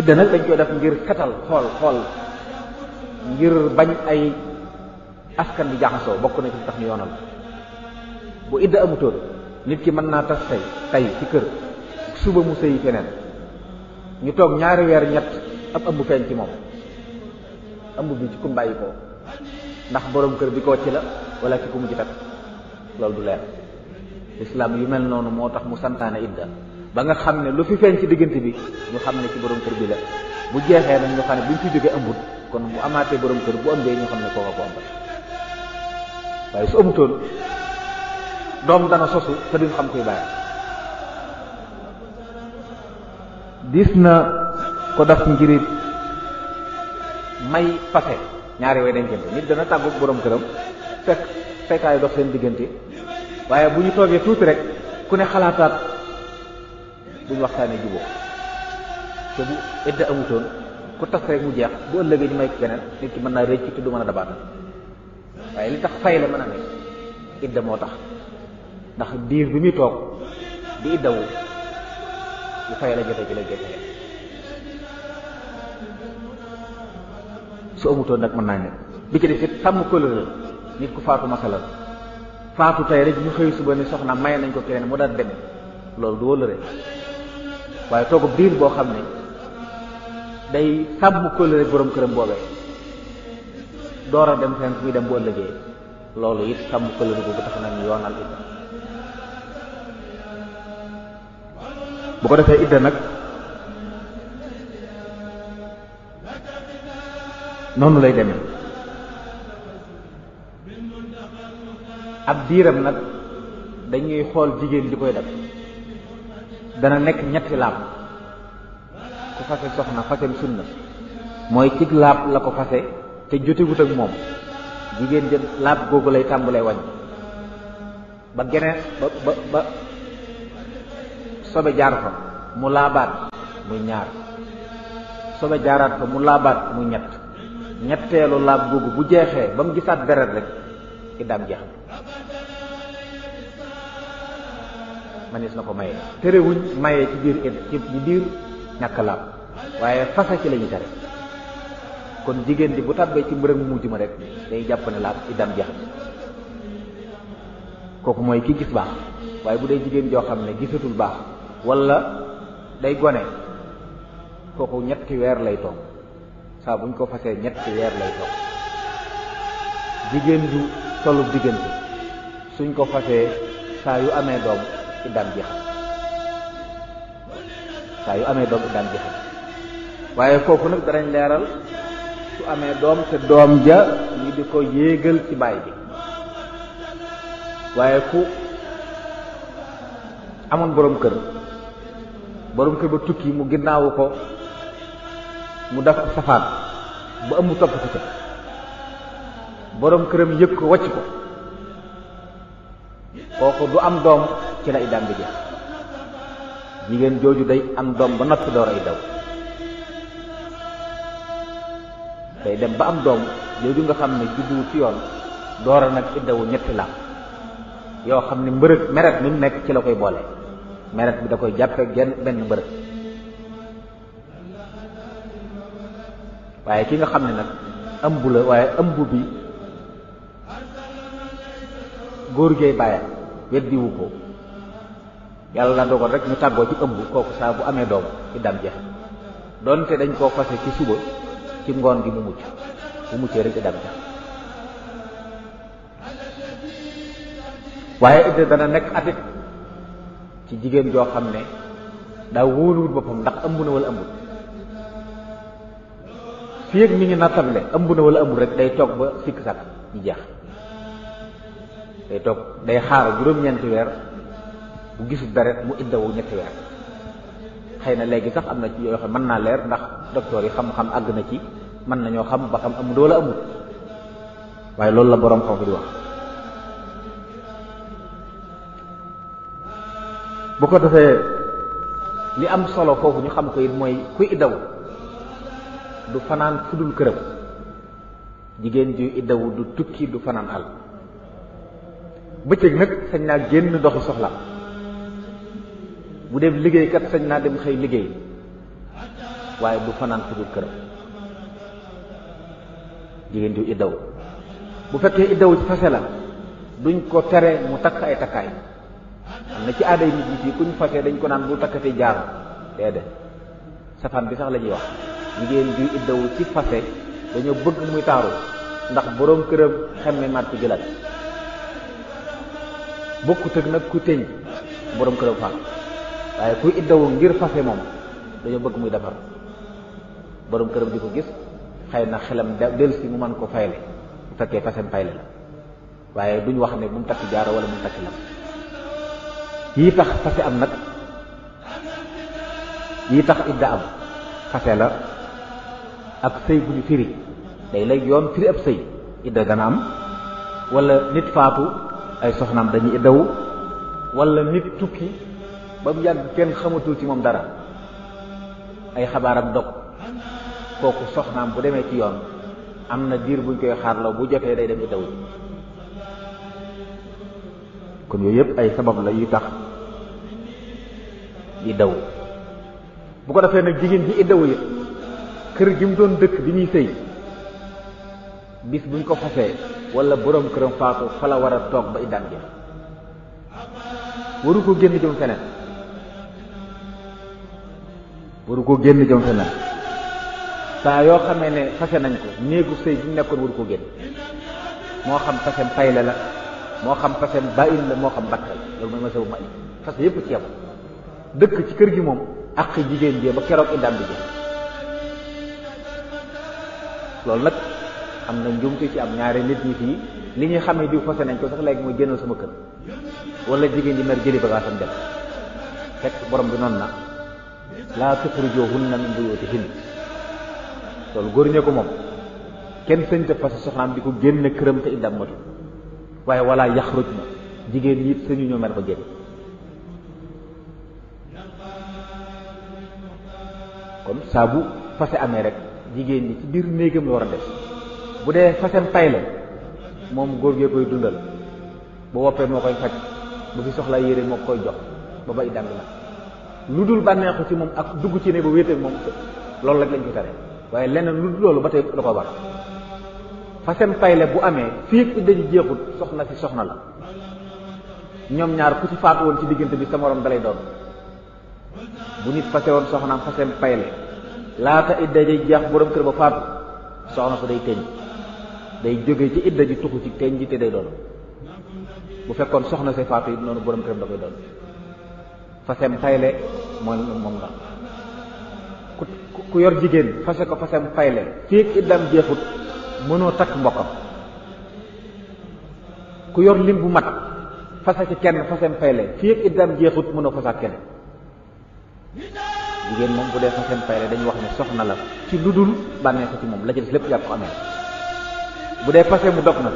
idda nag dañ koy def ngir setal xool xool ngir bañ ay askan bi jaxasoo bokk na ci tax ñu yoonal bu idda amutoon nit ki mën naa tas tey tey ci kër suba mu sëyi feneen ñu toog ñaari weer ñett ab ëmb feeñ ci moom ëmb bi ci kum bàyyi koo ndax borom kër bi ko ci la wala ci ku mu ci takk loolu du leer lislaam yu mel noonu moo tax mu santaane idda ba nga xam ne lu fi feeñ ci diggante bi ñu xam ne ci borom kër bi la bu jeexee nag ñu xam ne buñ fi jógee ëmbut kon bu amaatee borom kër bu ëmbee ñu xam ne kooka ko ëmbal waaye su ëmbutoon doom dana sosu te duñ xam koy bàyyi dis na ko daf ngirit may pase ñaari way dencante nit dana tàggu borom këram fekk fekkaayu dox seen diggante waaye bu ñu toogee tuuti rek ku ne xalaataat duñ waxtaanee jubóo te bu ëdd amutoon ku tas rek mu jeex bu ëllëgee ñu may ko keneen nit ki mën naa rëcc te du mën a dabaat waaye li tax fay la mën a amee idda moo tax ndax diir bi muy toog di iddawu bu fay la jotee ci la jotee su amutoon nag mën naa nekk bi ci def it sàmm kóllëre nit ku faatu masalal faatu tey rek ñu xëy suba ni soxna may nañ ko keneen mu daal dem loolu du wóllëre waaye toog biir boo xam ne day sàmm kóllëre borom këram boobee door a dem fenn muy dem bu ëllëgee loolu it sàmm kóllëre boobu tax nañu yoonal idda bu ko defee idda nag noonu lay demee ab biiram nag dañuy xool jigéen ji koy def dana nekk ñetti laab ku fase soxna fasem sunna mooy cig laab la ko fase te jotewut ak moom jigéen jën laab googu lay tàmbule wañ ba geneen ba ba ba sobe jaar fa mu laabaat muy ñaar sobe jaaraat fa mu laabaat muy ñett ñetteelu laab googu bu jeexee ba mu gisaat deret rek iddaam jeex na manis na ko may terewuñ maye ci biir it ci biir ñàkk laab waaye fasa ci la ñu kon jigéen ji bu tàbbee ci mbërëg mujj ma rek day jàpp ne laab iddaam jeex na kooku mooy ki gis baax waaye bu dee jigéen joo xam ne gisatul baax walla day gone kooku ñetti weer lay toog saa buñ ko fasee ñett weer lay toog jigéen ju tollu diggante suñ ko fasee saa yu amee doom iddaam jeexal saa yu amee doom iddaam jeexal waaye foofu nag danañ leeral su amee doom te doom ja ñu di ko yéegal ci baay bi waaye ku amoon borom kër borom kër ba tukki mu ginnaawu ko mu def safaan ba ëmb topp ko ca boroom këram yëg ko wàcc ko kooku du am doom ci la iddaam bi jeex jigéen jooju day am doom ba noppi door ay daw day dem ba am doom jooju nga xam ne juddu ci yoon doora nag iddawu ñetti laam yoo xam ni mbërëg meret mi mu nekk ci la koy boole meret bi da koy jàppe genn benn mbërëg waaye ki nga xam ne nag ëmb la waaye ëmb bi góor géey bàyyam weddiwu ko yàlla na dogal rek ñu tàggoo ci ëmb kooku saa bu amee doom ci dam jeex donte dañ koo fase ci suba ci ngoon gi mu mucc bu muccee rek ci dam jeex waaye idda dana nekk atit ci jigéen joo xam ne daa wóoluwut boppam ndax ëmb na wala ëmbul fii ak mi ngi nattable ëmb na wala ëmbul rek day toog ba sikk sàkk ñu jeex day toog day xaar juróom-ñeenti weer bu gisul deret mu iddawu ñetti weer xëy na léegi sax am na ci yoo xam mën naa leer ndax docteur yi xam-xam àgg na ci mën nañoo xam ba xam amul wala amul waaye loolu la boroom xam di wax bu ko defee li am solo foofu ñu xam ko it mooy kuy iddaw du fanaan fudul këram jigéen ju iddawu du tukki du fanaan àll bëccëg nag sañ naa génn doxi soxla bu dem liggéeykat sañ naa dem xëy liggéey waaye du fanaan fudul këram jigéen ju iddawu bu fekkee iddawu ci fase la duñ ko tere mu takk ay takkaay am na ci aaday nit ñi fii kuñ fase dañ ko naan bu takkati jaar déedéet safaan bi sax lañuy wax jigéen bi iddawu ci fase dañoo bëgg muy taaru ndax boroom këram xemme mat ko jëlaat bokkut nag ku tëñ boroom këram faat waaye kuy iddawu ngir fase moom dañoo bëgg muy defar boroom këram di ko gis xëy na xelam dellusi mu man ko fayle bu fekkee fasem fayle la waaye duñ wax ne bu mu takk jaaro wala bu mu takk lam yii tax fase am nag yii tax idda am fase la ak sëy bu ñu firi day lay yoon firi ab sëy idda dana am wala nit faatu ay soxnaam dañuy iddawu wala nit tukki ba mu yàgg kenn xamatul ci moom dara ay xabaaram dog kooku soxnaam bu demee ci yoon am na buñ koy xaarloo bu jotee day dem iddawu kon yooyu ay sabab la yu tax iddawu bu ko defee nag jigéen ji iddawu yi kër gi mu doon dëkk bi ñuy sëy bis buñ ko fasee wala borom këram faatu fa la war a toog ba iddaam jeex waru ko génn jëm feneen waru ko génn jëm feneen saa yoo xamee ne fase nañ ko néegu sëy bi nekkoon waru ko génn moo xam fasem payle la moo xam fasem bàyyil la moo xam bakk la ma sew ma fase yépp ci yam dëkk ci kër gi moom ak jigéen jee ba keroog iddaam bi loolu nag am na njumte ci am ñaari nit ñi fii li ñu xam ne diw fase nañ ko sax léegi mooy génnal sama kër wala jigéen ji mer jëli bagaasam dem fekk borom bi noonu na laa tuxrijoohunna min buyuutihinna loolu góor ñee ko moom kenn sëñ te fase soxnaam di ko génn këram te indam matu waaye wala yaxruj na jigéen ñi it sëñu ñoo mer ba jëli kon saabu fase amee rek jigéen ñi ci biir néegam la war a def bu dee fasem tay la moom góor gee koy dundal bu woppee moo koy faj bu fi soxla yére moo koy jox ba bay dang nag lu dul bànneexu ci moom ak dugg ci ne ba wéeteek moom loolu rek lañ ko tere waaye leneen lu loolu ba tey da ko war fasem tay bu amee fii idda ji jeexut soxna si soxna la ñoom ñaar ku ci faatu woon ci diggante bi sama morom dalay doon bu nit fase woon soxnaam fasem payle laata idda ji jeex borom kër ba faatu soxna su day teñ day jóge ci idda ji tuxu ci teñ ji te day doon bu fekkoon soxna si faatu it noonu borom kër da koy doon fasem tayle mooy moom nga ku ku yor jigéen fase ko fasem tayle fii ak iddam jeexut mënoo takk mbokkam ku yor lim bu mat fase ci kenn fasem tayle jeexut mënoo fasaat kenn jigéen moom bu dee fa seen pay la dañu wax ne soxna la ci lu dul bànneexu ci moom la ci des lépp yaa ko amee bu dee passé mu dog na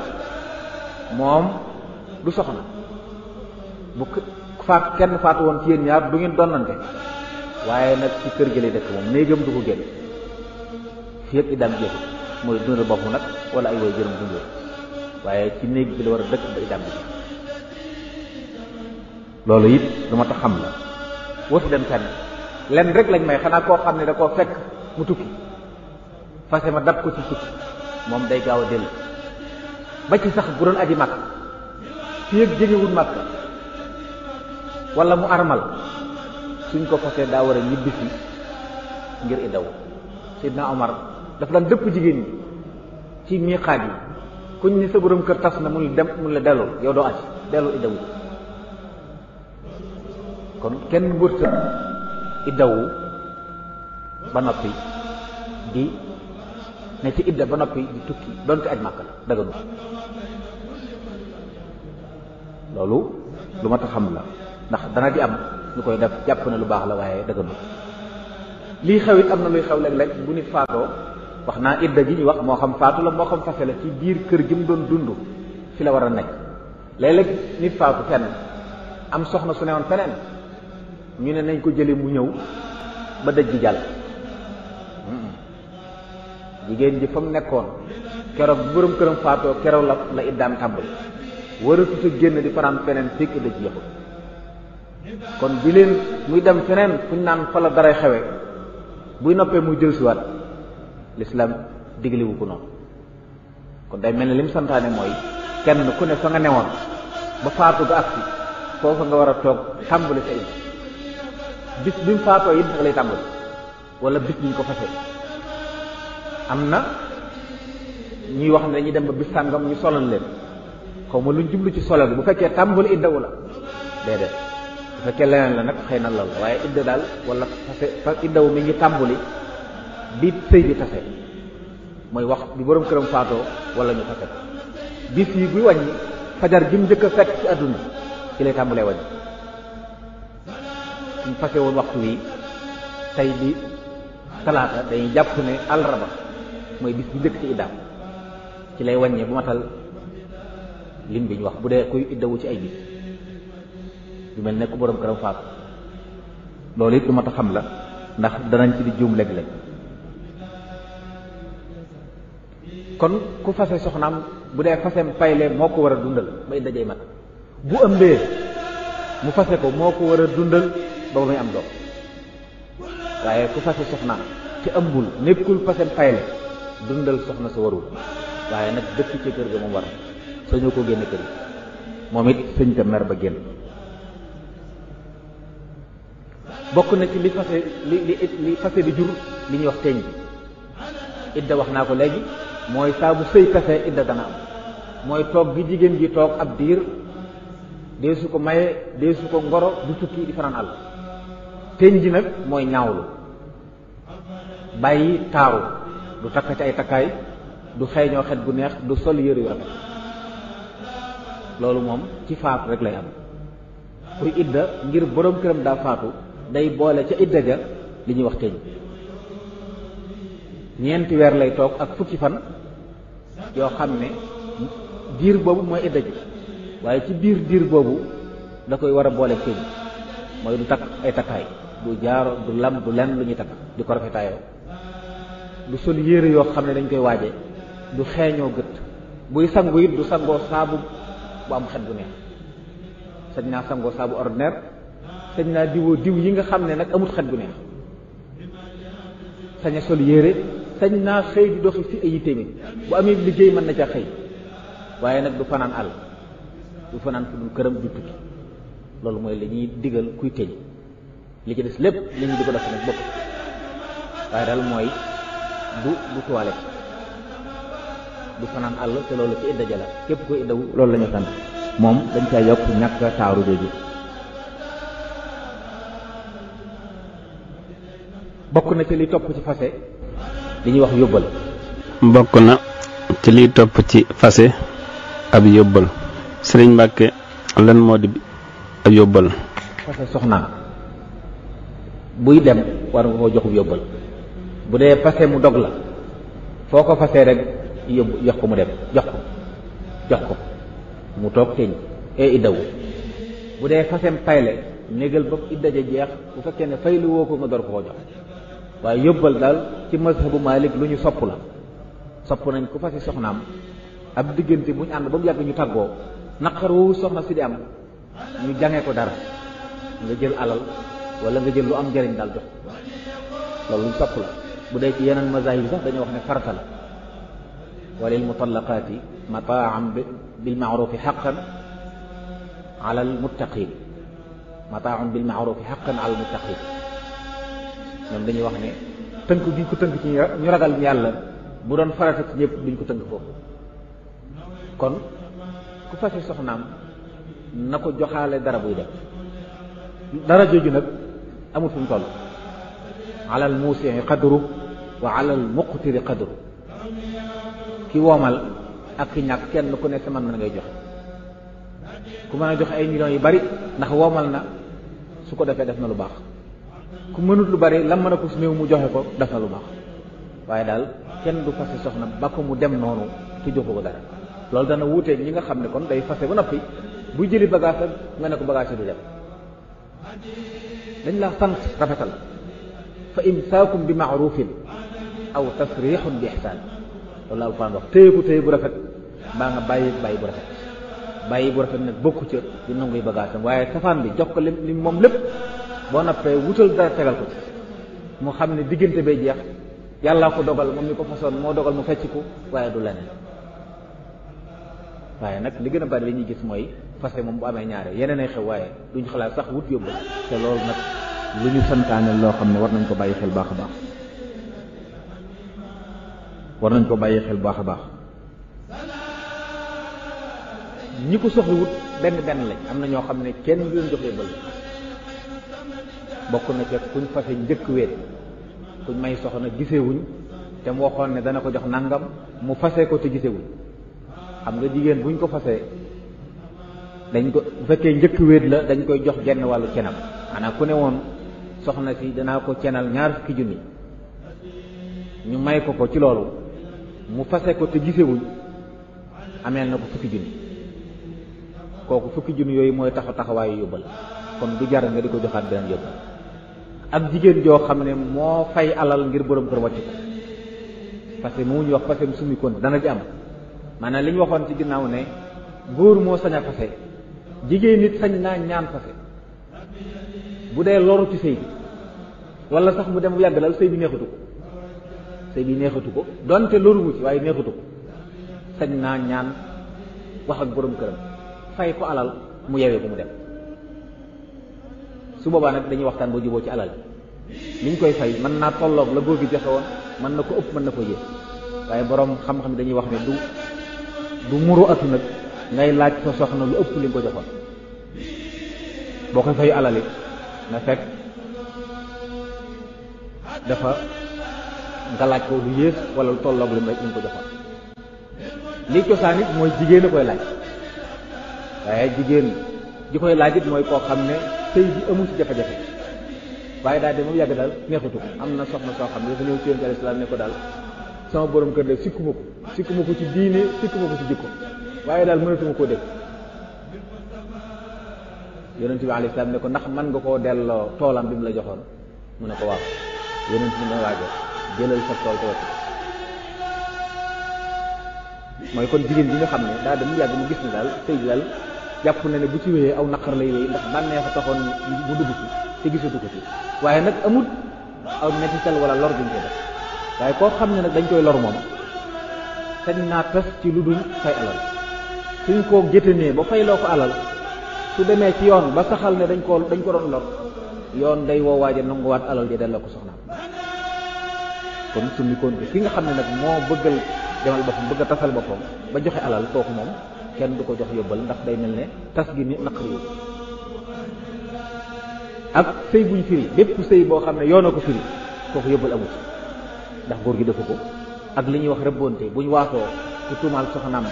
moom du soxna bu faat kenn faatu woon ci yéen ñaar du ngeen donnante waaye nag ci kër gi lay dëkk moom néegam du ko génn fii ak idam jeexu mooy dundal boppam nag wala ay way jërëm dundal waaye ci néeg bi la war a dëkk ba idam bi loolu it lu ma tax xam la wootu dem fenn len rek lañ may xana ko xam da ko fekk mu tukki fase ma dab ko ci tukki mom day gaaw del ba ci sax bu doon aji fi wala mu armal suñ ko fasé da wara ñibbi ñibbisi ngir idaw sidna omar daf daan depp jigen ñi ci miqaat yi kuñ ni sa borom kër tass na mu dem mu la yow aji i idaw kon kenn wërta iddawu ba noppi di ne ci idda ba noppi di tukki doonte aj màkk la daganu loolu lu ma tax xam la ndax dana di am ñu koy def jàpp na lu baax la waaye daganu lii xew it am na luy xew léeg-léeg bu nit faatoo wax naa idda ji ñu wax moo xam faatu la moo xam fase la ci biir kër gi doon dund fi la war a nekk léeg-léeg nit faatu fenn am soxna su newoon feneen ñu ne nañ ko jële mu ñëw ba dëj ji jàll jigéen ji fa mu nekkoon keroog bu borom këram faatoo keroog la la iddaam tàmbali waratuta génn di faram feneen fekk dëj yëxul kon bi muy dem feneen fuñ naan fa la daray xewe buy noppee muy dellusiwaat lislaam diglewu ko noonu kon day mel ne li santaane mooy kenn ku ne fa nga newoon ba faatu ga ak foofu nga war a toog tàmbali sa indi bis bi mu faatoo it nag lay tàmbali wala bis bi ñu ko fase am na ñuy wax ne ñu dem ba bis sàngam ñu solal leen xaw ma luñ jublu ci solal bi bu fekkee tàmbali iddawu la déedéet bu fekkee leneen la nag xëy na lool waaye idda daal wala fase fa mi ngi tàmbali bi sëy bi tase mooy wax bi borom këram faatoo wala ñu fase bis yi buy wàññi fajar gi mu njëkk a fekk ci àdduna ci lay tàmbalee wàññi ñu fase woon waxtu wi tey di talaata dañuy jàpp ne alraba mooy bis bu njëkk ci iddaam ci lay wàññee bu matal lim bi ñu wax bu dee kuy iddawu ci ay bis du mel ne ku borom këram faatu loolu it lu mat a xam la ndax danañ ci di juum léeg-léeg kon ku fase soxnaam bu dee faseem payle moo ko war a dundal ba idda jay mat bu ëmbee mu fase ko moo ko war a dundal ba ba muy am doom waaye ku fase soxna te ëmbul nekkul pasem fayle dundal soxna sa warul waaye nag dëkk ci kër ga moom war sañoo ko génn kër moom it sëñ ta mer ba génn bokk na ci li fase li li li fase bi jur li ñuy wax teeñ bi idda wax naa ko léegi mooy saabu sëy pase idda dana am mooy toog gi jigéen gi toog ab diir dee su ko maye dee su ko ngoro du tukki di fanaan àll teñ ji nag mooy ñaawlu bàyyi taaru du takkati ay takkaay du xeeñoo xet bu neex du sol yëre yu rafet loolu moom ci faatu rek lay am kuy idda ngir borom këram daa faatu day boole ca idda ja li ñuy wax teñ ñeenti weer lay toog ak fukki fan yoo xam ne diir boobu mooy idda ji waaye ci biir diir boobu da koy war a boole teñ mooy du takk ay takkaay du jaaro du lam du lenn lu ñuy takk di ko rafetaayoo du sol yére yoo xam ne dañ koy waaje du xeeñoo gët buy sangu it du sangoo saabu bu am xet bu neex sañ naa sangoo saabu ordinaire sañ naa diwoo diw yi nga xam ne nag amut xet bu neex sañ sol yére sañ naa xëy di doxi ci ay itéemi bu amee liggéey mën na ca xëy waaye nag du fanaan àll du fanaan fu dul këram du tukki loolu mooy li digal kuy tëñ li ci des lépp li ñu di ko def nag bopp waaye daal mooy du du toilette du fanaan àll te loolu ci idda jala képp ko iddawu loolu lañu ñu moom dañ caa yokk ñàkk a taaru jooju bokk na ci li topp ci fase li ñuy wax yóbbal bokk na ci liy topp ci fase ab yóbbal sëriñ Mbàkke lan moo di ab yóbbal buy dem war nga koo joxub yóbbal bu dee fase mu dog la foo ko fasee rek yóbbu jox ko mu dem jox ko jox ko mu toog teñ e iddawu bu dee fasem payle négal ba idda ja jeex bu fekkee ne faylu woo ko nga door koo jox waaye yóbbal daal ci mazhabu Maalik lu ñu sopp la sopp nañ ku fasi soxnaam ab diggante bu ñu ànd ba mu yàgg ñu tàggoo naqar woowu soxna si di am ñu jangee ko dara nga jël alal wala nga jël lu am njëriñ daal jox loolu lu sopp la bu dee ci yeneen mazahib sax dañuy wax ne farata la walil mutallaqaati mataan bil maarufi xaqan ala al muttaqin mataan bil maarufi xaqan ala al muttaqin ñoom dañuy wax ne tënk bi ñu ko tënk ci ñu ragal yàlla bu doon farata ci ñëpp duñ ko tënk foofu kon ku fase soxnaam na ko joxaale dara buy def dara jooju nag amul fu mu toll alal muusi qadru wa alal muqtiri qadru ki woomal ak ki ñàkk kenn ku nekk man na ngay joxe ku mën a joxe ay millions yu bari ndax woomal na su ko defee def na lu baax ku mënut lu bari lam mën a ko su néew mu joxe ko def na lu baax waaye daal kenn du fase soxna ba ko mu dem noonu te joxu ko dara loolu dana wuuteeg ñi nga xam ne kon day fase ba noppi buy jëli bagage nga ne ko bagage du dem dañ laa sant rafetal fa imsaakum bi maarufin aw tasrixun bi ixsaan loolu la alquran wax téye ku téye bu rafet mbaa nga bàyyi bàyyi bu rafet bàyyi bu rafet nag bokku ca di nanguy bagaatam waaye safaan bi jox ko lim li moom lépp boo nappee wutal dara tegal ko ci mu xam ne diggante bay jeex yàllaa ko dogal moom mi ko fasoon moo dogal mu fecc ko waaye du leneen waaye nag li gën a bari li ñuy gis mooy fase moom bu amee ñaare yeneen ay xew waaye duñ xalaat sax wut yóbbal te loolu nag lu ñu santaane loo xam ne war nañ ko bàyyi xel baax a nañ ko bàyyi xel baax a baax ñi ko soxla wut benn benn lañ am na ñoo xam ne kenn du leen jox yóbbal bokk na ca kuñ fase njëkk weet kuñ may soxna gisewuñ te mu waxoon ne dana ko jox nangam mu fase ko te gisewuñ xam nga jigéen buñ ko fasee dañ ko bu fekkee njëkk wéet la dañ koy jox genn wàllu cenam xanaa ku ne woon soxna si danaa ko cenal ñaar fukki junni ñu may ko ko ci loolu mu fase ko te gisewuñ ameel na ko fukki junni kooku fukki junni yooyu mooy taxaw taxawaayu yóbbal kon du jar nga di ko joxaat beneen yóbbal ak jigéen joo xam ne moo fay alal ngir borom kër wàcc ko parce que mu ñu wax parce que kon dana ci am maanaam li ñu waxoon ci ginnaaw ne góor moo sañ a fase jigéen nit sañ naa ñaan fase bu dee loru ci sëy bi wala sax mu dem bu yàgg daal sëy bi neexatu ko sëy bi neexatu ko donte loru wu ci waaye neexatu ko sañ naa ñaan wax ak borom këram fay ko alal mu yewee ko mu dem su boobaa nag dañuy waxtaan ba juboo ci alal bi niñ koy fay mën naa tolloog la góor gi joxe woon mën na ko ëpp mën na ko yëg waaye boroom xam-xam dañuy wax ne du du muru ak nag ngay laaj sa soxna lu ëpp li nga ko joxoon boo koy fay alal it na fekk dafa nga laaj ko lu yées wala lu tolloog li nga ko joxoon li cosaan it mooy jigéen a koy laaj waaye jigéen ji koy laaj it mooy koo xam ne sëy bi amul ci jafe-jafe waaye daal de moom yàgg daal neexutu am na soxna soo xam ne dafa ñëw ci Yonent salaam ne ko daal sama borom kër de sikkuma ko sikkuma ko ci diine sikkuma ko ci jikko waaye daal mënatuma koo dégg yonent bi alayhi salaam ne ko ndax man nga koo delloo toolam bi mu la joxoon mu ne ko waaw yonent bi ne kon jigéen bi nga xam ne daal damu yàgg mu gis ne daal sëy bi daal jàpp na ne bu ci wéyee aw naqar lay wéy ndax bànnee fa taxoon mu dugg ci te gisatu ko ci waaye nag amut aw sel wala lor bi ñu koy def waaye koo xam ne nag dañ koy lor moom sañ naa tas ci lu dul fay alal suñ koo géttanee ba fay loo ko alal su demee ci yoon ba saxal ne dañ ko dañ ko doon lor yoon day woo waaja nanguwaat alal ji delloo ko soxnaam kon suñu koon ki nga xam ne nag moo bëggal demal boppam bëgg a tasal boppam ba joxe alal kooku moom kenn du ko jox yóbbal ndax day mel ne tas gi ni naqari ak sëy buñ firi bépp sëy boo xam ne yoona ko firi kooku yóbbal amut ndax góor gi defu ko ak li ñuy wax rëbbonte buñ waatoo ku tuumaal soxnaam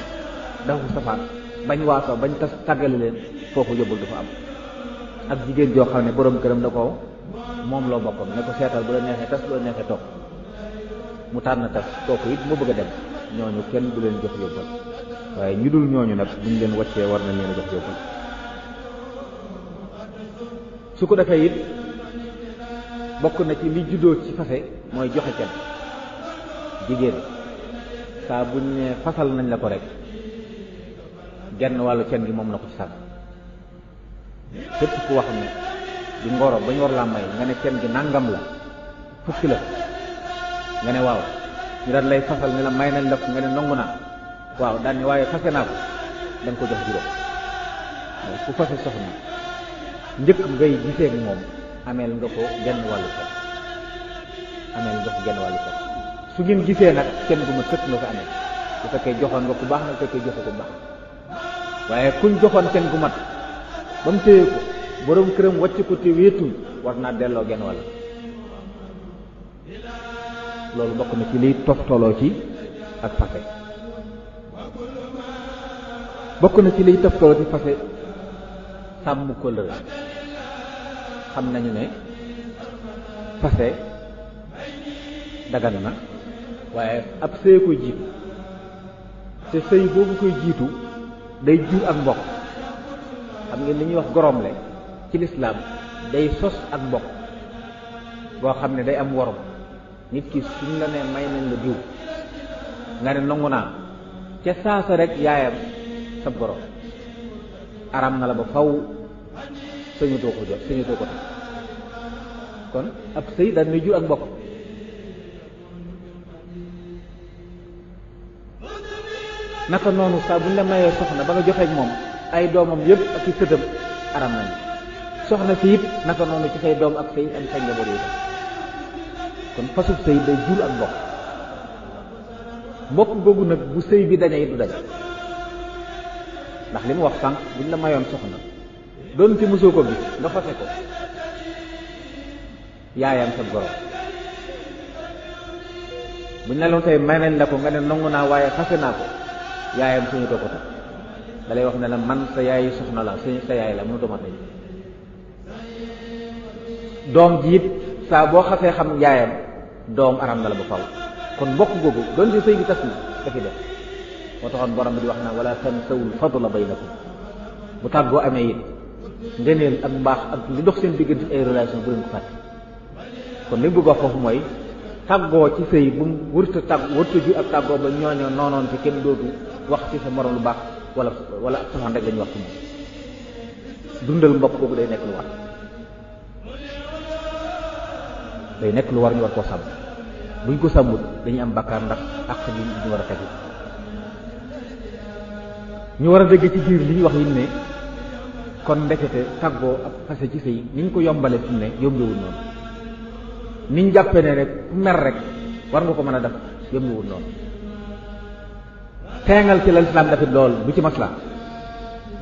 dafa ko safaan bañ waatoo bañ tas tàggale leen foofu yóbbul dafa am ak jigéen joo xam ne boroom këram da ko moom loo boppam ne ko seetal bu la neexee tas bu la neexee toog mu tànn tas kooku it mu bëgg a dem ñooñu kenn du leen jox yóbbal waaye ñu dul ñooñu nag buñ leen wàccee war na leen a jox yóbbal su ko defee it bokk na ci li juddoo ci fase mooy joxe kenn jigéen saa buñ ne fasal nañ la ko rek genn wàllu cen gi moom na ko ci sàkk képp ku wax ne di ngoro ba ñu war laa may nga ne cen gi nàngam la fukki la nga ne waaw ñu daal lay fasal ne la may nañ la ko nga ne nangu naa waaw daal ne waaye fase naa ko da ko jox juróom mooy ku fase soxna njëkk ngay gisee moom ameel nga ko genn wàllu cen ameel nga ko genn wàllu cen su ngeen gisee nag seen gu ma sëkk nga ko fekkee joxoon nga ku baax na bu fekkee joxe ko baax waaye kuñ joxoon seen gu mat ba mu téye borom këram wàcc ko te wéetul war naa delloo genn walla loolu bokk na ci liy toftaloo ci ak fase bokk na ci liy toftaloo ci fase sàmm kóllëre xam nañu ne fase dagan na waaye ab sëy koy jiitu te sëy boobu koy jiitu day jur ak mbokk xam ngeen li ñuy wax le ci lislaam day sos ak mbokk boo xam ne day am worom nit ki suñ la ne may nañ la diw nga ne nangu naa ca saasa rek yaayam sa borom aram na la ba faw sañutoo ko jot sañutoo ko tax kon ab sëy daan na jur ak mbokk naka nonu sa buñ la maye soxna ba nga joxe ak mom ay domam yeb ak ci sëtam aram nañ soxna fi yeb naka nonu ci say dom ak say am say njaboot yi kon fasu sëy day jul ak bok bok gogu nak bu sëy bi dañay du dañ ndax limu wax sank buñ la mayon soxna don ci musoko bi nga fase ko yaayam sa goro buñ la lon tay may la ko nga ne nonguna waye waaye fase naa ko yaayam sañutoo ko takk da wax ne la man sa yaay soxna la suñu sa yaay la mënutoo ma tey doom ji it saa boo xasee xam yaayam doom aram na la ba faw kon mbokk googu doon si sëy bi tas na dafi def moo taxoon borom bi di wax naa wala tansawul fadla baynakum bu tàggoo amee it ngeneel ak mbaax ak li dox seen diggante ay relation bu leen ko fàtte kon li mu bëgg mooy tàggoo ci sëy bu mu wërta tàgg wërta ju ak tàggoo ba ñooñoo noonoon ci kenn dootu wax ci sa morom lu baax wala wala ak safaan rek la ñuy wax ci moom dundal mbokk boobu day nekk lu war day nekk lu war ñu war koo sàmm buñ ko sàmmut dañuy am bakkaar ndax ak yi ñu war a tegu ñu war a dégg ci biir li ñu wax yi ne kon ndekete tàggoo ak fase ci sëy ni ko yombale fi mu ne yombewul noonu ni ñu jàppee ne rek mer rek war nga ko mën a def yombewul noonu teengal ci la lislaam dafit lool bu ci masla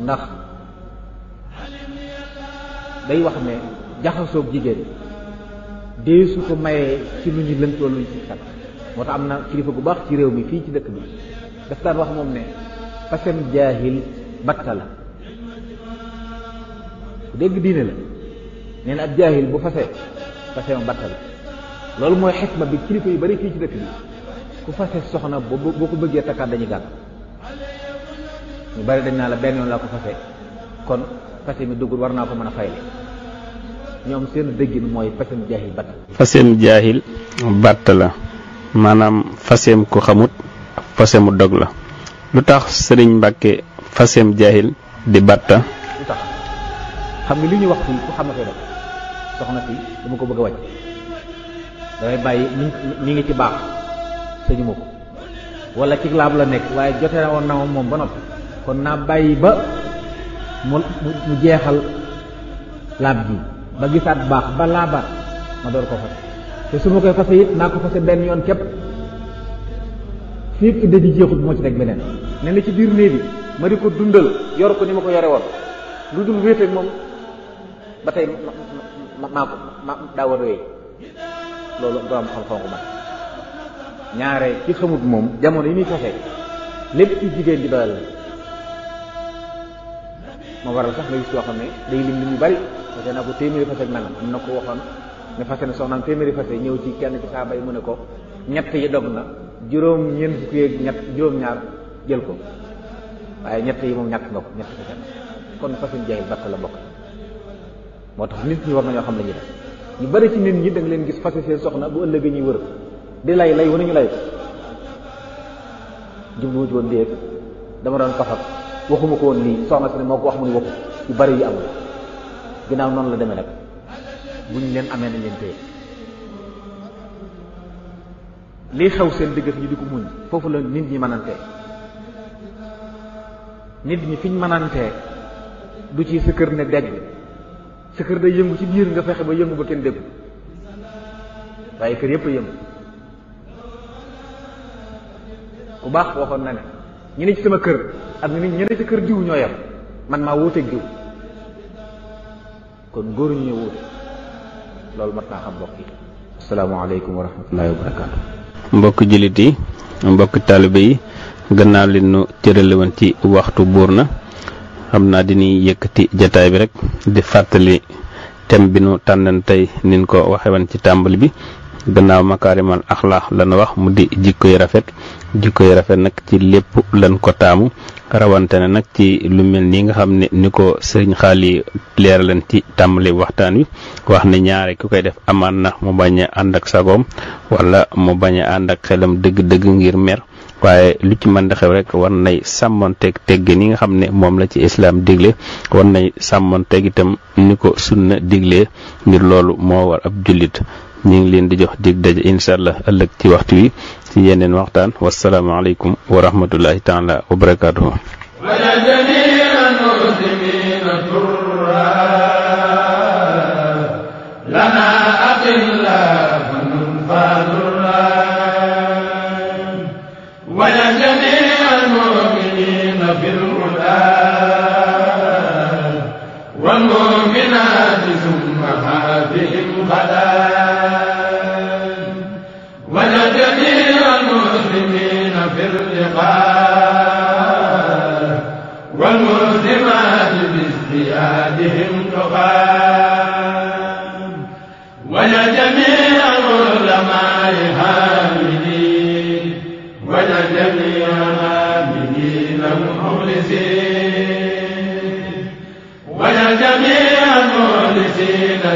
ndax day wax ne jaxasoog jigéen dee su ko mayee ci lu ñu lënt wala ñu ci xel moo tax am na kilifa bu baax ci réew mi fii ci dëkk bi daf daan wax moom ne pasem jaahil batta la ku dégg diine la nee na ab jaahil bu fase pasem batta loolu mooy xikma bi kilifa yu bari fii ci dëkk bi ku fase soxna boo ko beugé takkaat dañu gàtt ñu bari dañ na la ben yon la ko fase kon fase mi warna war ko mëna faylé ñom seen deggin moy fasem jahil bat fasem jahil bat la manam fasem ko xamut fasemu dog la lutax serigne mbacké mbàkke fasem jaahil di batta lutax xam nga li ñu wax ku xam nga soxna fi dama ko bëgg wacc da damay mi ngi ci baax sañu ma ko wala ci laab la nekk waaye jote woon na moom ba noppi kon naa bàyyi ba mu mu jeexal laab gi ba gisaat baax ba laabaat ma door ko fas te su ma koy fase it naa ko fase benn yoon képp fii idda ji jeexut moo ci teg beneen ne na ci biir néeg bi ma di ko dundal yor ko ni ma ko yore woon lu dul wéet ak moom ba tey ma ma ma ma daa war wéy loolu borom xam-xam ko man ñaare ci xamut moom jamono yi muy sosee lépp ci jigéen di doyal la ma waral sax nga gis loo xam ne day lim li ñu bari fase naa ko téeméeri fase ak nangam am na ko waxoon ne fase na soxnaam téeméeri fase ñëw ci kenn ci saa bay mu ne ko ñett yi dog na juróom ñeent fukki ak ñett juróom-ñaar jël ko waaye ñett yi moom ñàkk nga ko ñett fase na kon fasen jaay bakk la bokk moo tax nit ñi war nañoo xam ne ñuy def ñu bari ci nit ñi da leen gis fase seen soxna bu di lay lay wanuñu lay jubluwu ci woon léeg dama doon kafar waxuma ko woon lii soxna si ne moo ko wax muy waxu yu bari yu am ginnaaw noonu la demee nag bu ñu leen amee nañ leen téye lii xew seen digg ñu di ko muñ foofu la nit ñi mënantee nit ñi fiñ mënantee du ci sa kër ne dégg sa kër day yëngu ci biir nga fexe ba yëngu ba kenn déggu waaye kër yépp a yëngu ku baax waxoon na ne ñu ci sama kër ak ñu ne ci kër diw ñoo yem man maa wuuteeg diw kon góor ñu wuute loolu mat naa xam mbokk yi. asalaamaaleykum wa rahmatullahi wa mbokk jullit yi mbokk taalibe yi gannaaw li nu cërale ci waxtu buur na xam naa dinañ yëkkati jataay bi rek di fàttali thème bi nu tànnan neen ko waxe woon ci tàmbali bi. gannaaw makaarimal axlaax lan wax mu di jikko rafet jikko yu rafet nag ci lépp lan ko taamu rawante ne nag ci lu mel nii nga xam ne ni ko sëriñ xaali leeralan ci tàmbali waxtaan wi wax ne ñaare ku koy def amaan na mu bañ ànd ak sagoom wala mu bañ ànd ak xelam dëgg-dëgg ngir mer waaye lu ci mën di xew rek war nay sàmmanteeg tegge ni nga xam ne moom la ci islaam digle war nay sàmmanteeg itam ni ko sunna diglee ngir loolu moo war ab jullit ñu ngi leen di jox dig daje incha allah ëllëg ci waxtu wi ci yeneen waxtaan wasalaamaaleykum wa rahmatullahi taala wa barakaatuhu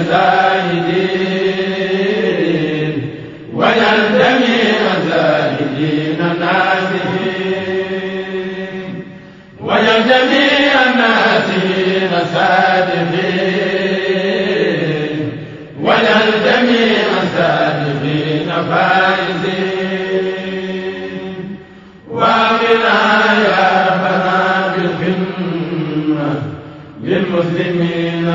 زاهدين ويلتمي زاهدين نازحين ويلتمي نازحين صادقين ويلتمي صادقين فائزين وامنا يا ربنا بالخدمة للمسلمين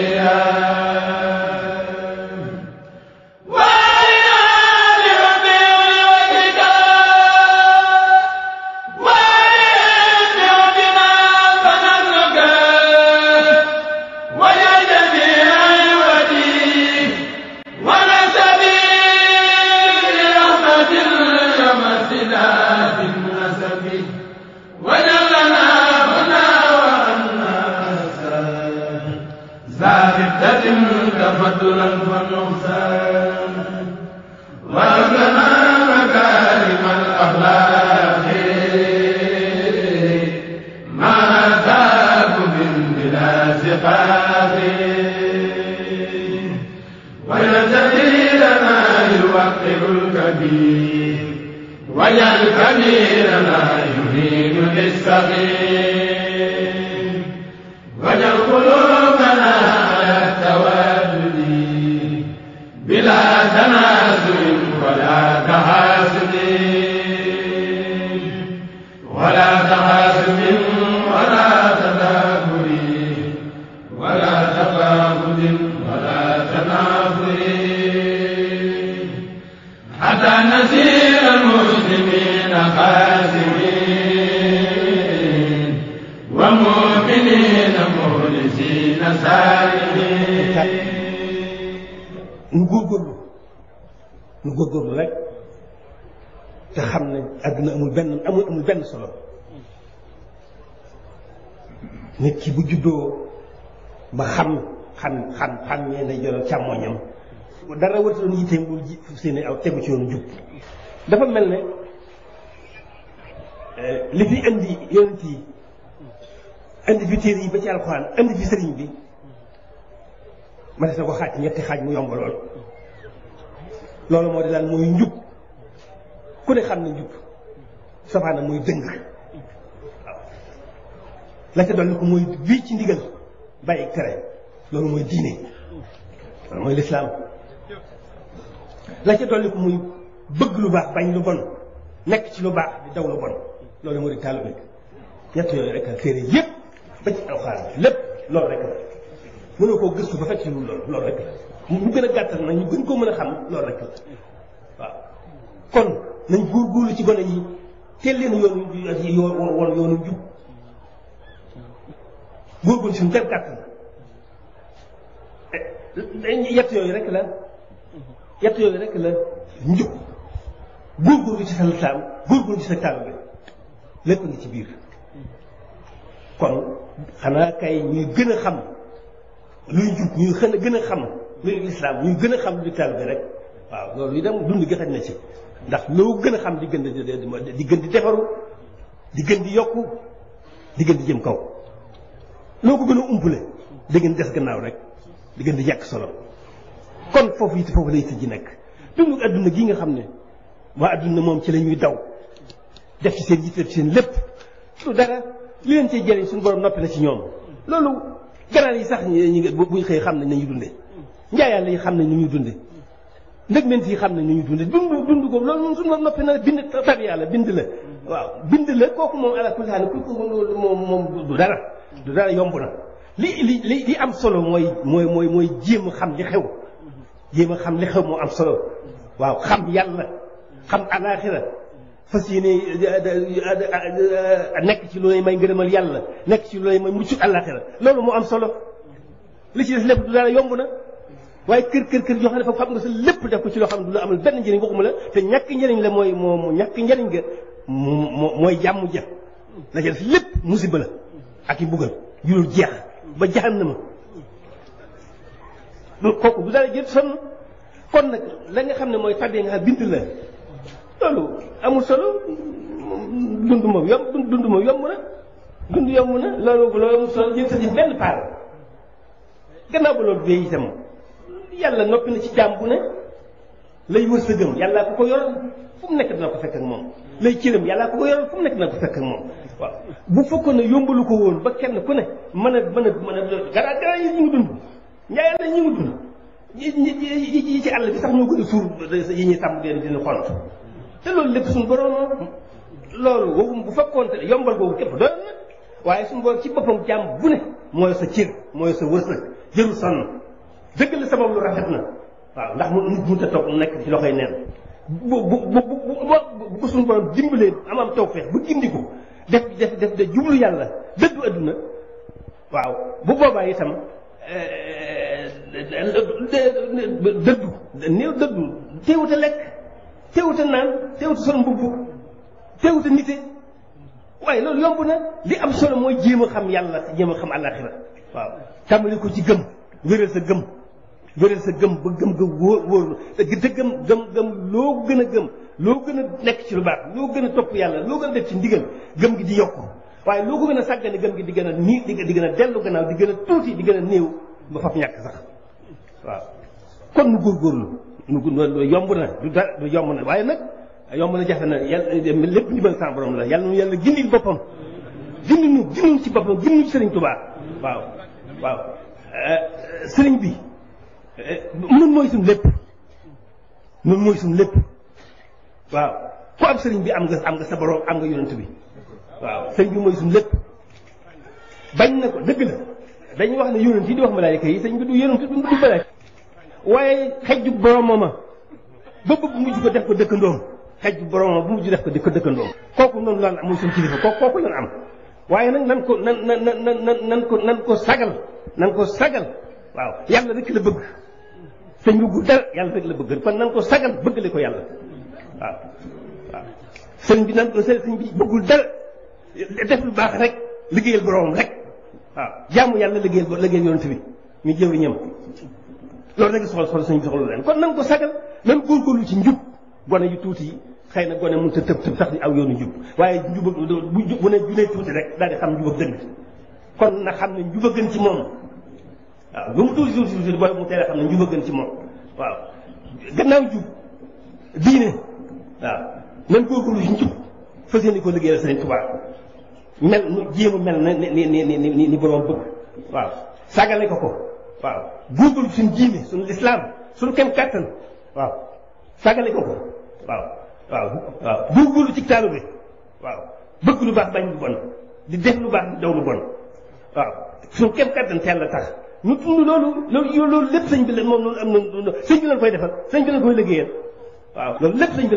ñetti xaaj mu yomb lool loolu moo di lan muy njub ku ne xam ne njub safaana muy dëng la ca dolli mooy wii ci ndigal bàyyi tere loolu mooy diine loolu mooy lislaam la ca dolli ko bëgg lu baax bañ lu bon nekk ci lu baax di daw lu bon loolu moo di taalu bi ñett yooyu rek téere yépp ba ci alxuraan lépp loolu rek la mënoo koo gëstu ba fekk ci loolu loolu rek la mu gën a gàttal nag ñu gën koo mën a xam loolu rek la waaw kon nañ góorgóorlu ci gone yi teel leen yoonu yoon woon yoonu jub góorgóorlu eh, eh, yooyu rek la yooyu rek la njub góorgóorlu ci sa lislaam góorgóorlu ci sa taal bi lépp ci biir kon xanaa kay ñuy gën a xam luy jub ñu xën gën a xam mbir lislaam ñu gën a xam lu taal bi rek waaw loolu yi dem dund gi na ci ndax loo gën a xam di gën di di gën di defaru di gën di yokku di gën di jëm kaw loo ko gën a umpale di gën des gannaaw rek di gën di yàq solo kon foofu it foofu lay tëjji nekk dund adduna gi nga xam ne waa adduna moom ci la ñuy daw def ci seen yitte def ci seen lépp lu dara li leen cee jëriñ suñu borom noppi na ci ñoom loolu ganaar yi sax ñu ngi buñ xëy xam nañ nañuy dundee njaayaan yi xam na nu ñuy dundee ndëg ment yi xam nañ nu ñuy dundee dund dund ko loolu moom suñu moom noppi na bind tab yàlla bind la waaw bind la kooku moom ala kulli haal ku ko moom moom du dara du dara yomb na li am solo mooy mooy mooy mooy jéem a xam li xew a xam li xew moo am solo waaw xam yàlla xam alaxira fas yéene eh, nekk ci looy may ngërëmal yàlla nekk ci looy may mucc àllaaxira loolu moo am solo li ci des lépp du dara yomb na waaye kër kër kër yoo xam nga sa lépp def ko ci loo xam ne du la benn njëriñ waxuma la te ñàkk njëriñ la mooy moo mu ñàkk njëriñ nga mooy jàmm ja la ak i mbugal yu dul jeex ba jahannama kooku du dara jël sonn kon nag la nga xam ne mooy tabee nga xam bind la loolu amul solo dund moom yomb dund moom yomb na dund yomb na loolu loolu amul solo jël sa ci benn paar gannaaw ba loolu bee itam yàlla noppi na ci jaam bu ne lay wërsëgam yàlla ku ko yoroon fu mu ko fekk ak moom lay cëram yàlla ku ko yoroon fu mu nekk dina ko fekk ak moom waaw bu fekkoon ne yombalu ko woon ba kenn ku ne mën a mën a mën a gara gara yi ñu dund ñaareel na ñu ngi dund ñi ñi ci àll bi sax ñoo gën a suur yi ñuy tàmm di leen dina xont te loolu lépp suñu borom loolu wowum bu fekkoon te yombal googu képp doyoon na waaye suñu borom ci boppam jàmm bu ne mooy sa cër mooy sa wërsëg jëru sonn dëgg la sabab lu rafet na waaw ndax mu nit mënut a toog nekk ci loxoy neen am am bu gindi ko def def def de jublu yàlla dëddu adduna waaw bu boobaa itam eh, eh, dëddu néew dëddu teewut lekk. teewuta naan teewuta sol mbubb teewuta nite waaye loolu yomb na li am solo mooy jéem a xam yàlla jéem a xam àllaaxira waaw tàmbali ko ci gëm wéral sa gëm wéral sa gëm ba gëm ga wóor wóor te gëm gëm gëm loo gën a gëm loo gën a nekk ci lu baax loo gën a topp yàlla loo gën def ci ndigal gëm gi di yokk waaye loo ko gën a sàggane gëm gi di gën a nii di gën a dellu gannaaw di gën a tuuti di gën a néew ba faf ñàkk sax waaw kon nu góorgóorlu yomb na du da du na waaye nag yomb na jafe na yàlla lépp ndimbal sa la yàlla nu yàlla gindil boppam gindi nu gindi nu ba boppam gindi nu sëriñ Tuubaa waaw eh, bi eh, nun mooy suñ lépp nun mooy waaw ku am sëriñ bi am nga am nga sa borom bi waaw sëriñ bi mooy suñ lépp bañ na ko dëgg wax ne yonent yi di wax a yi sëriñ bi du yonent du malaayika waaye xejju boromam a ba bu mujj ko def ko dëkkandoom xaj boromam bu mujj def ko di ko dëkkandoom kooku noonu lan am mooy suñu kilifa kooku am waaye nag nan ko nan nan nan nan ko nan ko sagal nan ko sagal waaw yàlla rek la bëgg sëñ bi gu dara yàlla rek la bëgg kon nan ko sagal bëggale ko yàlla waaw bi nan ko sëñ bi bëggul dara def lu rek liggéeyal boromam rek waaw jaamu yàlla liggéeyal liggéeyal yonent bi ñu jëwriñam loolu rek soxal soxal sëñ soxla leen kon nañ ko sagal nañ góorgóorlu ci njub gone yu tuuti yi xëy na gone mënut a tëb tëb sax di aw yoonu njub waaye njub bu bu ne bu ne tuuti rek daal di xam kon na xam ne njuba gën ci moom waaw lu mu tuuti tuuti booy mu teel a xam ne njuba gën ci moom waaw gannaaw njub diine waaw nañ góorgóorlu ci njub fas yéene ko liggéeyal sëriñ Tuubaa mel jéem mel na ni ni ni ni ni borom bëgg waaw sagale ko ko. waaw buubul suñ diine suñ lislaam suñ kem kàttan waaw sàggale ko ko waaw waaw waaw buubul ci taalu bi waaw bëgg lu baax bañ lu bon di def lu baax daw lu bon waaw suñ kem kàttan teel la tax ñu tund loolu loolu loolu lépp sëñ bi la moom loolu am waaw loolu lépp sëñ bi lañ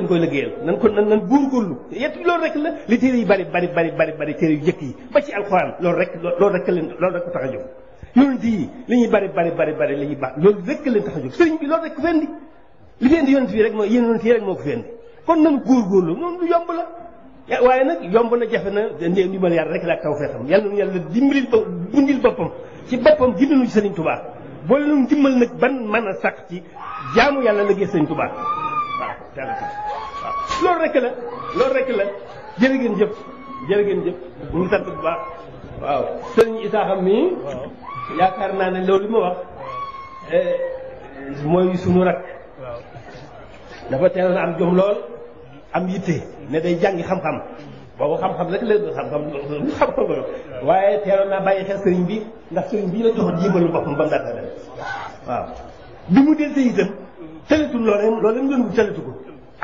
koy liggéeyal nan ko nan nan góorgóorlu loolu rek la li téere yi bari bari bari bari bari téere yu njëkk yi ba ci alxuraan loolu rek loolu rek leen loolu rek ko tax a yoon di li ñuy bari bari bari bari li ñuy baax loolu rek leen tax a bi loolu rek ko fi li fi indi yonent bi rek mooy yéen yonent moo ko fi kon nañu góor moom lu yomb la waaye nag yomb na jafe na ndéem li ma yàlla rek la ak taw feexam yàlla nu yàlla dimbalil ba bundil ci boppam gindaluñ sëriñ Tuubaa boole nu dimbal nag ban mën a sax ci jaamu yàlla liggéey sëriñ Tuubaa waaw loolu rek la loolu rek la ngeen jëf jërë ngeen jëf bu baax waaw sëriñ Isaaxa mi yaakaar naa ne loolu li ma wax eh, mooy sunu rak dafa teeloon am jom lool am yitte ne day jàngi xam-xam boobu xam-xam rek la xam-xam xam-xam waaye teeloon naa bàyyi xel sëriñ bi ndax sëriñ bi la jox jibalu boppam ba mu daan dem mu dese itam tëletul loolee loolee ko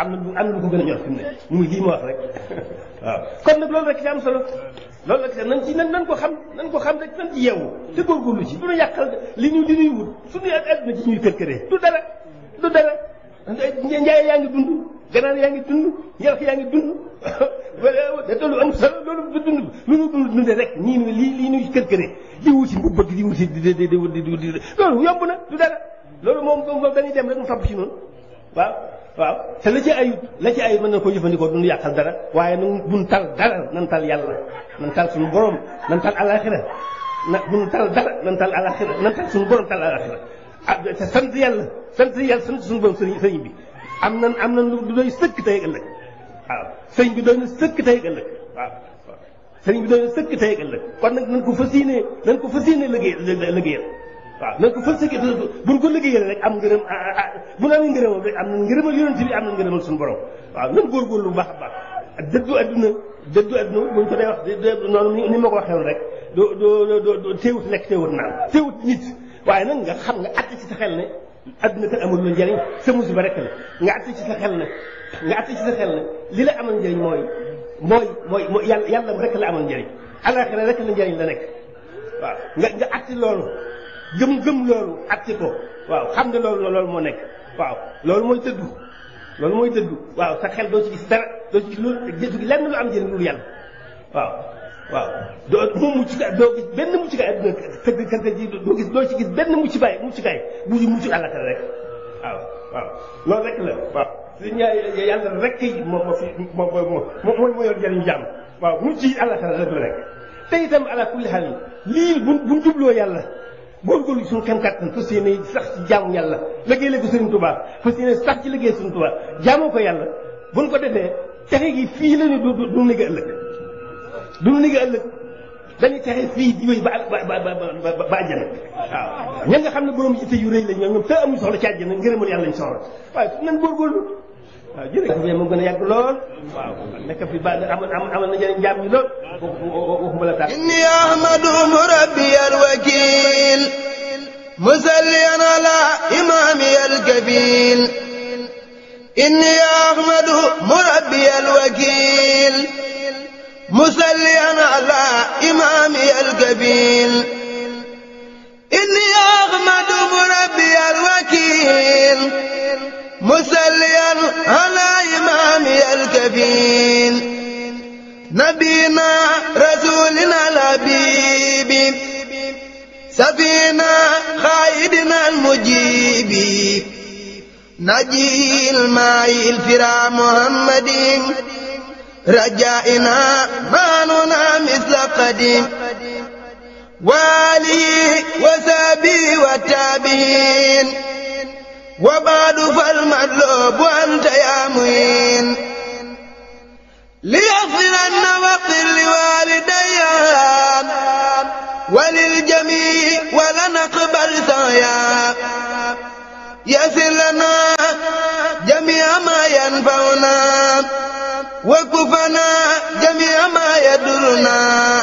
am na am na lu ko gën a ñor fi ne muy lii wax rek (laughs) waaw kon nag loolu rek ci am solo. loolu nag nan ci nan nan ko xam nan ko xam rek nan ci yeewu te góorgóorlu ci du ñu yàqal li ñu li ñuy wut suñu àdduna ci ñuy kër-këree du dara du dara njaay yaa ngi dund ganaar yaa ngi dund njëlk yaa ngi dund (coughs) te lu am solo loolu du dund lu ñu dund dundee rek ñii nu lii lii ñuy kër-këree di wuti bu bëgg di wuti di di di loolu yomb na du dara loolu moom moom dañuy dem rek mu topp ci noonu waaw waaw te la ci ayut la ci ayut mën nañ ko jëfandikoo duñu yàqal dara waaye nag buñ tal dara nan tal yàlla nan tal suñu borom nan tal alaxira na buñ tal dara nan tal alaxira nan tal suñu borom tal alaxira ah te sant yàlla sant yàlla sant suñu borom sëriñ am nan am nan lu doy sëkk tey ëllëg waaw sëriñ bi sëkk tey ëllëg waaw bi doy na sëkk tey kon nag nañ ko fas yéene nañ ko fas yéene liggéey liggéeyal waaw na nga ko fas yéene bu ñu ko liggéeyee rek am ngërëm ah, ah, ah, bu ñu amee ngërëmam rek am na ngërëmal yonent bi am na ngërëmal suñu borom waaw nan góorgóorlu bu baax a baax dëddu adduna dëddu adduna buñ ko day wax noonu ni ma ko waxee woon rek doo doo doo teewut lekk teewut naan teewut nit waaye nag nga xam nga àtte ci sa xel ne adduna kat amul lu njëriñ sa musiba rek la nga àtte ci sa la amal njëriñ mooy mooy mooy yàlla yàlla rek la amal njëriñ alaxira rek la njëriñ la nekk waaw nga nga àtte gëm gëm loolu àtte waaw xam ne loolu loolu moo nekk waaw loolu mooy tëddu mooy tëddu waaw sa xel doo ci gis dara doo ci gis loolu lenn lu am jëriñ lu yàlla waaw waaw doo moom mucc kaay doo gis benn mu kaay adduna kër kër ji ci gis benn mucc baay mucc kaay bu ñu mucc àllakal rek waaw waaw loolu rek la waaw li ñu yàlla rek moom moo fi moom mooy moo yor njëriñ jàmm waaw mucc yi àllakal rek rek te itam ala kulli xaal lii bu jubloo yàlla boo góorlu suñu kem kàttan fas yéene sax ci jaamu yàlla liggéeyal ko Sëriñ Tuubaa fas yéene sax ci liggéey Sëriñ Tuubaa jaamoo ko yàlla buñ ko defee texe gi fii la ñu du du ni nga ëllëg du ni nga ëllëg dañuy texe fii di wéy ba ba ba ba ba àjjana waaw ña nga xam ne borom yitte yu rëy la ñoom ñoom te amuñ soxla ci àjjana ngërëmal yàlla lañ soo waaye nan góorgóorlu إني أحمد مربي الوكيل مسليا على إمامي القبيل إني أحمد مربي الوكيل مسليا على إمامي القبيل إني أحمد مربي الوكيل مسليا على إمامي الكفين نبينا رسولنا الحبيب سفينا خائدنا المجيب نجي المائل الفرا محمد رجائنا ماننا مثل قديم والي وسابي وتابين وبعد فالمطلوب وأنت يا معين ان وقل لوالدي وللجميع ولنقبل ثويا يسر لنا جميع ما ينفعنا وكفنا جميع ما يدرنا